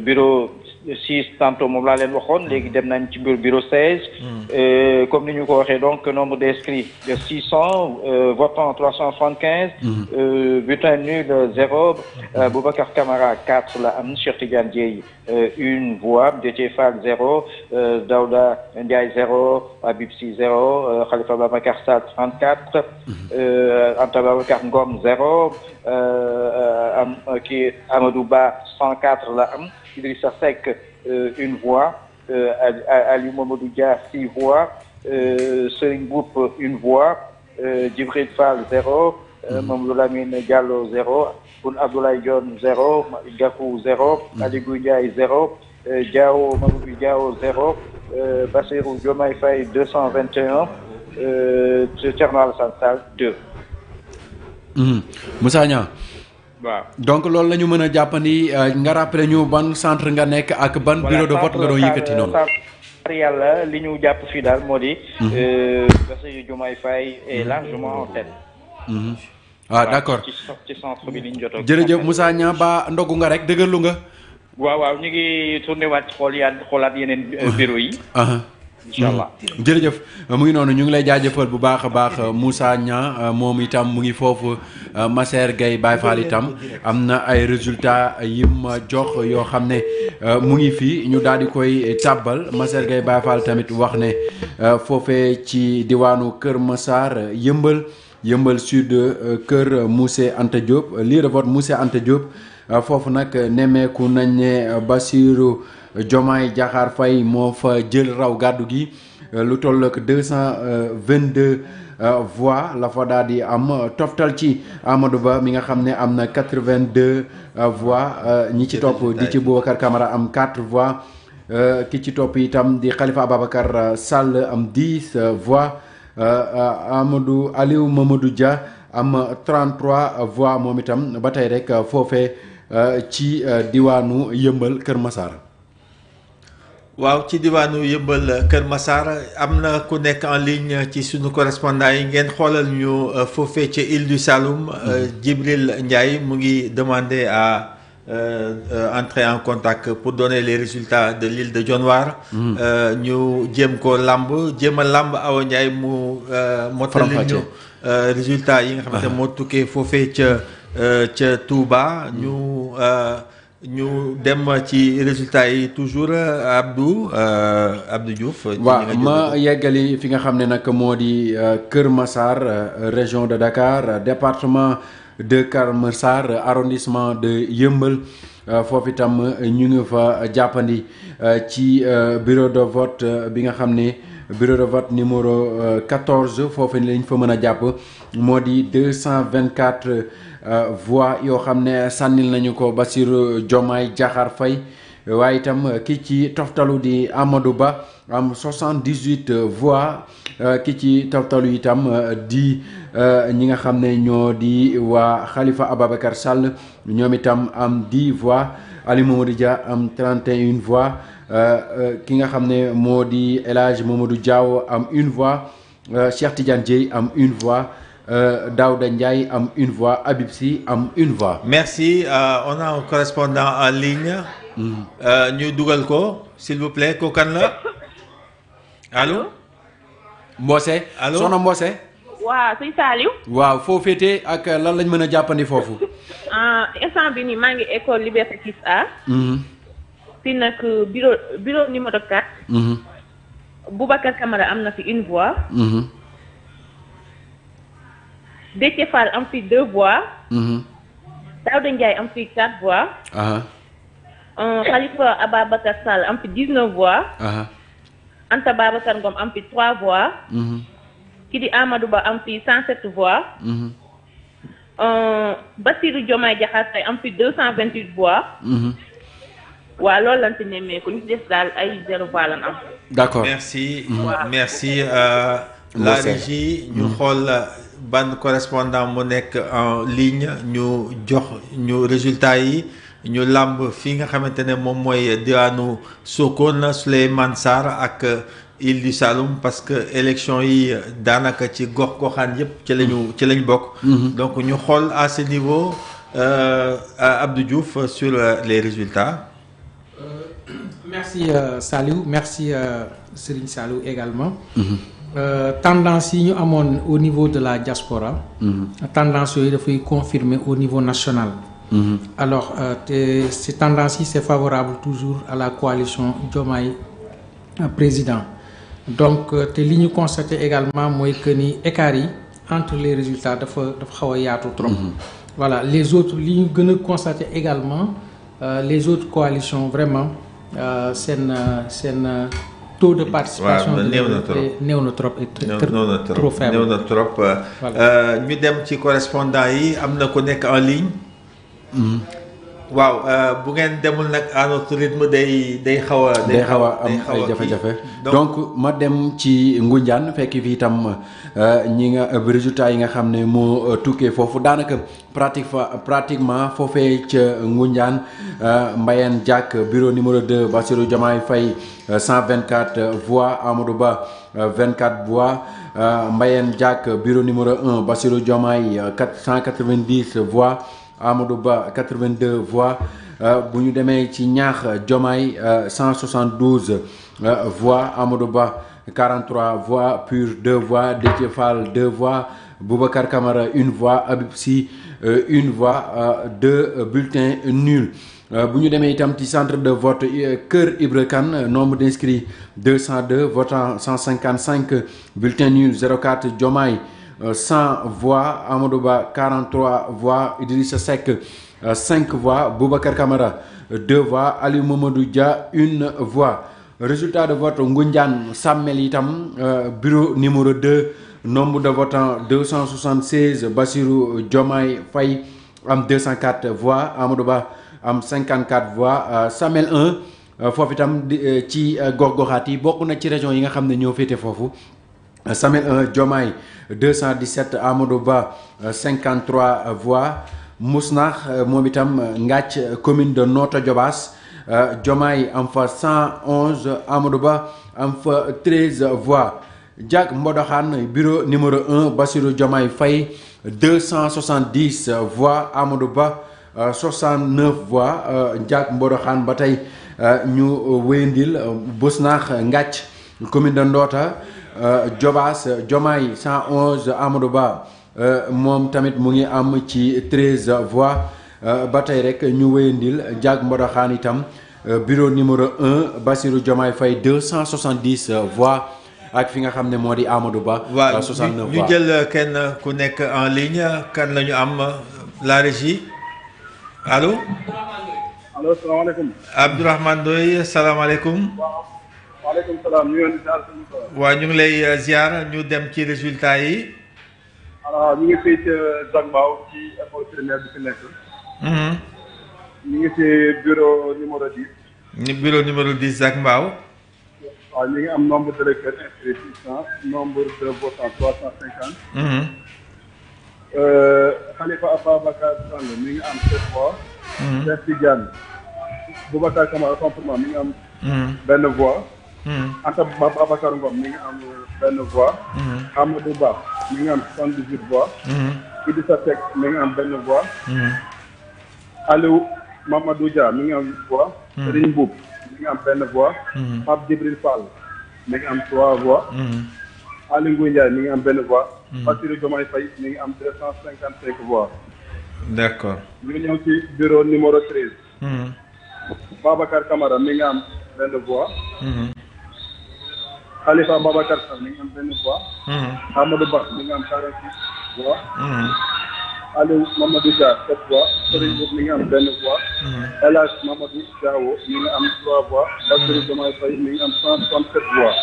bureau 6 tantôt mom la len waxone hmm. légui dem ci bureau 16 hmm. euh comme niñu ko waxé donc nombre d'inscrits de 600 votant 375 euh, hmm. euh butin nul 0 euh, Boubacar Camara 4 la am 1, Tidiane euh, voix 0 euh, Daouda Ndiaye 0 Habib 6 0 euh, Khalifa Babacar 34 euh Karngom, Ngom 0 euh, 104 la Idrissa euh, une voix, euh, Ali Mamadou six voix, euh, une voix, euh, Djibril Fall zéro, Gallo mhm. zéro, Abdoulaye zéro, Gakou zéro, mhm. Ali zéro, Diao zéro, Bassirou 221, euh, 2. waaw donc loolu la ñu mën a jàppandi euh, nga rappelé ñu ban centre nga nekk ak ban bureau de vote nga doon yëkkati noonu. voilà yàlla li ñu jàpp fii daal moo di. Mhm. Euh, Bassirou Diomaye Faye est mhm. largement en tête. Mhm. ah d'accord ci ci centre bi li ñu jot jërëjëf Moussa Niang ba ndogu nga rek dëgërlu nga. waaw waaw ñu ngi tourné xool yaat xoolaat yeneen euh, bureau yi. incha allah mm. jërëjëf mu ngi noonu ñu ngi lay jëfal bu baax a baax uh, Moussa Niang uh, moom itam mu ngi foofu uh, Masser Gueye Baye Fall itam am na ay résultats yi ma jox yoo xam ne mu ngi fii ñu daal di koy tàbbal Masser Gueye Baye Fall tamit wax ne foofe ci diwaanu Kër Massar yëmbal yëmbal sud Kër Moussé Anta Diop lii de vote Moussé foofu nag nemmeeku nañ ne Basirou. jomaay jahar fay moo fa jël raw gàddu gi euh, lu toll ak 222 voix la fa daal di am toftal ci amadou ba mi nga xam ne 82 euh, voix euh, ñi ci topp di ci boubacar camara am 4 voix ki ci topp itam di xalifa ababacar sall am 10 voix amadou aliou mamadou dia am 33 voix moom itam ba tey rek foofe ci diwaanu yëmbal kër masaar waaw ci diwaanu yëmbal Kër Massar am na ku nekk en ligne ci suñu correspondant yi ngeen xoolal ñu euh, foofee ci île du Saloum euh, mhm. jibril Ndiaye mu ngi demander à euh, entrer en contact pour donner les résultats de l'île de Dionewar mhm. ñu jéem ko làmb jéem a làmb Awa Ndiaye mu mottali ñu résultats yi nga xamante ah. moo tukkee foofee ca ca Touba ñu ñu dem ci résultat yi toujours euh, Abdou euh, Abdou Diouf. waaw ma yeggali fi nga xam nak modi keur Massar euh, région de Dakar département de Kër Massar arrondissement de yembal foofu itam ñu ngi fa jappandi ci bureau de vote bi nga xam bureau de vote numéro 14 foofu lañ fa mëna japp modi 224. Euh, voix yoo xam ne sànnil nañu ko Bassirou Diomaye Diakhar Faye waaye itam euh, ki ci toftalu di Amadou Ba am 78 euh, voix ki ci toftalu itam di ñi nga xam ne ñoo di waa xalifa Ababacar Sall ñoom itam am 10 voix Ali Mamadou Dia am 31 voix ki nga xam ne moo di El Hadj Mamadou am une voix Cheikh Tidiane Dieye am une voix Euh, Daouda Ndiaye une voix, Abibsi a une voix. Merci. Euh, on a un correspondant en ligne. Mm. Euh, ñu dugal ko s'il vous plaît Allô? la allo. Son Son nom Waouh, c'est ça Waouh, faut fêter avec lañ Fofu. Ah, instant bi je suis école Liberté a C'est mm-hmm. euh, bureau numéro 4. Mm-hmm. Boubacar Camara am une voix. Mm-hmm. Déthié Fall fait deux voix. Mhm. Daouda Ndiaye quatre voix. Euh, Khalifa à Sall fait voix. Anta Baba trois voix. qui mhm. di voix. Mhm. Euh, Bassirou Diomaye voix. ou alors d'accord merci. merci euh, la régie ban correspondant mo nek en ligne ñu jox ñu résultat yi ñu lamb fi nga xamantene mom moy diwanu sokon les Souleymane à ak il du Saloum parce que élection yi danaka ci gox goxaan yépp ci lañu ci lañ bok mhm. donc ñu xol à ce niveau euh, Abdou Diouf sur euh, les résultats euh, merci euh, Salou merci euh, Serigne Saliou également mhm. Euh, tendance yi ñu au niveau de la diaspora. Mhm. tendance yooyu dafay confirmer au niveau national. Mhm. alors euh, ces tendances c'est favorable toujours à la coalition Diomaye euh, président donc les euh, lignes constatées également mooy que ni entre les résultats de dafa xaw mhm. voilà les autres lignes ñu nous a également les autres coalitions vraiment c'est une toda a participação eh, ah, do neonotropa. Neonotropa. Neonotropa. neonotropa. Voilà. Uh, nous devons correspondre à amna connect en ligne. waaw euh, bu ngeen demul nag à notre rythme day day xaw a. day xaw a am ay jafe-jafe. donc ma dem ci Ngunjaan fekk fi itam euh, ñi nga euh, résultats yi nga xam ne mu tukkee foofu daanaka pratique pratiquement foofee ca Ngunjaan Mbayeen jàkk bureau numéro 2 Bassirou Diomaye Faye 124 voix Amadou Ba vingt 24 voix. Mbayeen Diack bureau numéro 1 Bassirou Diomaye 490 voix. Amodoba 82 voix euh, bu ñu démé ci 172 euh, euh, voix Amodoba 43 voix Pur 2 voix Déthié 2 voix Boubacar Kamara une voix Abipsi 1 une voix deux bulletins nuls bu ñu démé centre de vote cœur Ibrakan nombre d'inscrits 202 votants 155 bulletins nuls 04 Djomai 100 euh, voix, Amadouba 43 voix, Idrissa 5 euh, voix, Boubacar 2 euh, voix, Ali Mamadou 1 voix. Résultat de vote Ngundian Sammel bureau numéro 2, nombre de votants 276, Bassirou Diomaye Fay 204 voix, Amadouba 54 voix, Samel 1. Fofitam ci Gorgorati, beaucoup de bokk na ci région Samuel 1 217 Amodoba, 53 voix Mousnach euh, Mouamitam, euh, Ngach euh, commune de notre Djobas Jomai, en 111 Amodoba, en 13 voix Jack Mordahan, bureau numéro 1 Bassirou Jomai, Faye 270 voix Amodoba, 69 voix Jack Mordahan, Bataille, New Wendil, wéyandil Ngach, commune de Nota. Euh, Jobas euh, Jomai 111 Amodoba, euh, Mom Tamed tamit Mouni 13 voix Batayrek, tey rek ñu jag bureau numéro 1 Basirou Jomai Fay 270 voix ak fi nga Amodoba, modi 69 voix ñu jël ku nekk en ligne kan la am la régie allô salam alaykoum Abdourahmane waaleykum salaam ñu ngi ziar waaw ñu ngi lay euh, ziar ñu dem ci résultat yi. alors ñu ngi fii ci euh, Zagmaaw ci école primaire bi fi nekk. Mhm. ñu ngi ci bureau numéro 10. ñu numéro 10 Zagmaaw. waaw ñu ngi am nombre de lecteurs inscrits six cent nombre de votants trois cent cinquante. Mhm. Euh, Khalifa mi ngi am sept mhm. benn voix. Anta Babacar Ngom mi ngi am benn voix. Amadou hmm. Ba mi ngi am 78 voix. Idrissa Seck mi ngi am hmm. benn voix. Aliou Mamadou Dia mi ngi am voix. Serigne Boub mi ngi am benn voix. Pape Djibril Fall mi ngi am 3 voix. Ali Ngouille Ndiaye mi ngi am benn voix. Bassirou Diomaye Faye mi ngi am 255 voix. D'accord. Ñu ñëw ci bureau numéro 13. Babacar Camara mi ngi am benn voix. Khalifa Babacar Sall mi ngi am benn voix. Mhm. Amadou Ba mi ngi am quarante six voix. Mhm. Aliou Mamadou Dia sept voix. Mhm. Serigne Boub mi ngi am benn voix. El Hadj Mamadou Diawo mi ngi am trois voix. Bassirou Diomaye Faye mi ngi am cent soixante sept voix.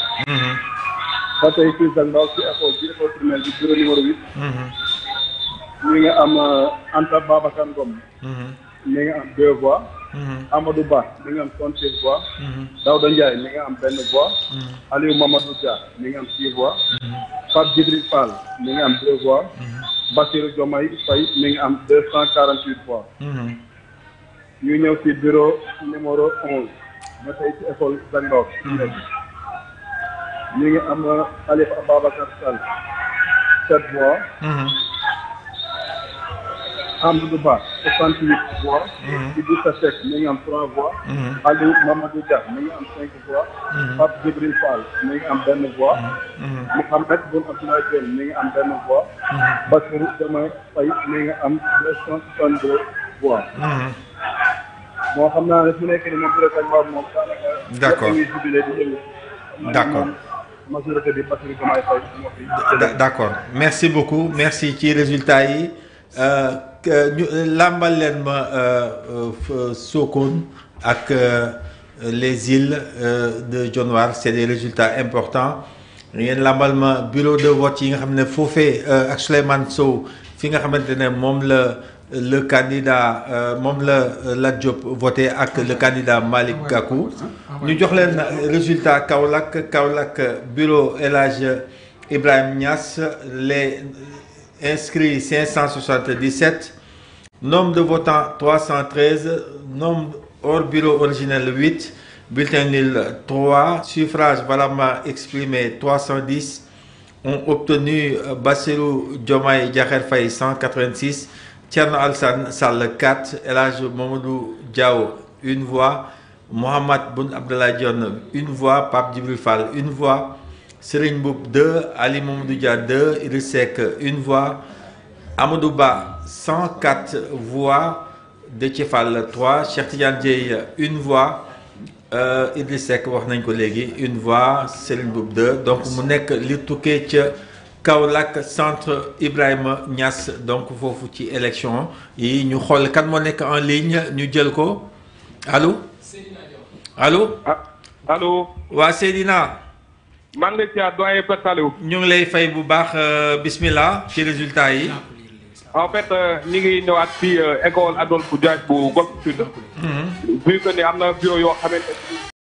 ba tey fii sax ndaw si école bi école primaire bi bureau numéro huit. mi ngi am euh, Anta Babacar Ngom. mi ngi am deux voix. Mm-hmm. Amadou Ba mi ngi am trente six voix. Mm-hmm. Daouda Ndiaye mi ngi am benn voix. Mm-hmm. Aliou Mamadou Dia mi ngi am six voix. Pape Djibril Fall mi ngi am deux voix. Bassirou Diomaye Faye mi ngi am deux cent quarante huit voix. ñu ñëw ci bureau numéro onze. ba tey ci école Senghor. ñu ngi am Khalifa Ababacar Sall sept voix. Amadou Ba 68 voix. Mhm. Idrissa Seck 53 am 3 voix. Mhm. Aliou Mamadou Dia 55 am 5 voix. Mhm. Pape Djibril Fall mi am voix. Mohamed Boun Abdallah Dionne am voix. Bakir Diomaye Faye am 262 voix. Moi, xam naa ne su nekkee ni moom bu rek moom euh, D'accord. D'accord. d' accord majorité Faye merci beaucoup merci ci résultat yi. Euh, L'emballement euh, euh, làmbal leen ma euh, Sokone ak les îles de John War c'est des résultats importants ngeen làmbal ma bureau de vote yi nga ne faut ak Souleymane Sow fi nga le ne moom le candidat euh, la job voté ak le candidat malik Gakou ah ah ñu jox leen résultat Kaolak, Kaolak, bureau El Ibrahim Ibrahima Niass les Inscrit 577, nombre de votants 313, nombre hors bureau originel 8, bulletin nul 3, suffrage Balama exprimé 310, ont obtenu euh, Basselou Diomaye Diakher Faye 186, Tierno Alsan Sal 4, Elage Mamoudou Diao 1 voix, Mohamed Boun Abdallah 1 voix, Pape Djibril 1 voix, Serigne Boub 2, Ali Mamadou 2, Irisek 1, voix, Amadouba 104 voix, Dechefal 3, Chertian Dieye 1 voix, euh, Idrissek wax voix Serigne Boub 2 donc mu nekk li centre Ibrahim Niass donc foofu ci élection yi nous avons kan moo en ligne ñu jël ko allo allo ah, allo waa Seydina maa ngi lay siyaar doyen Père ñu ngi lay fay bu baax euh, bismillah ci résultat yi. en fait euh, ñi ngi ñëwaat fii euh, école Adolphe Diagne bu Golf Sud. Mhm. vu que ni am na bureau yoo xamante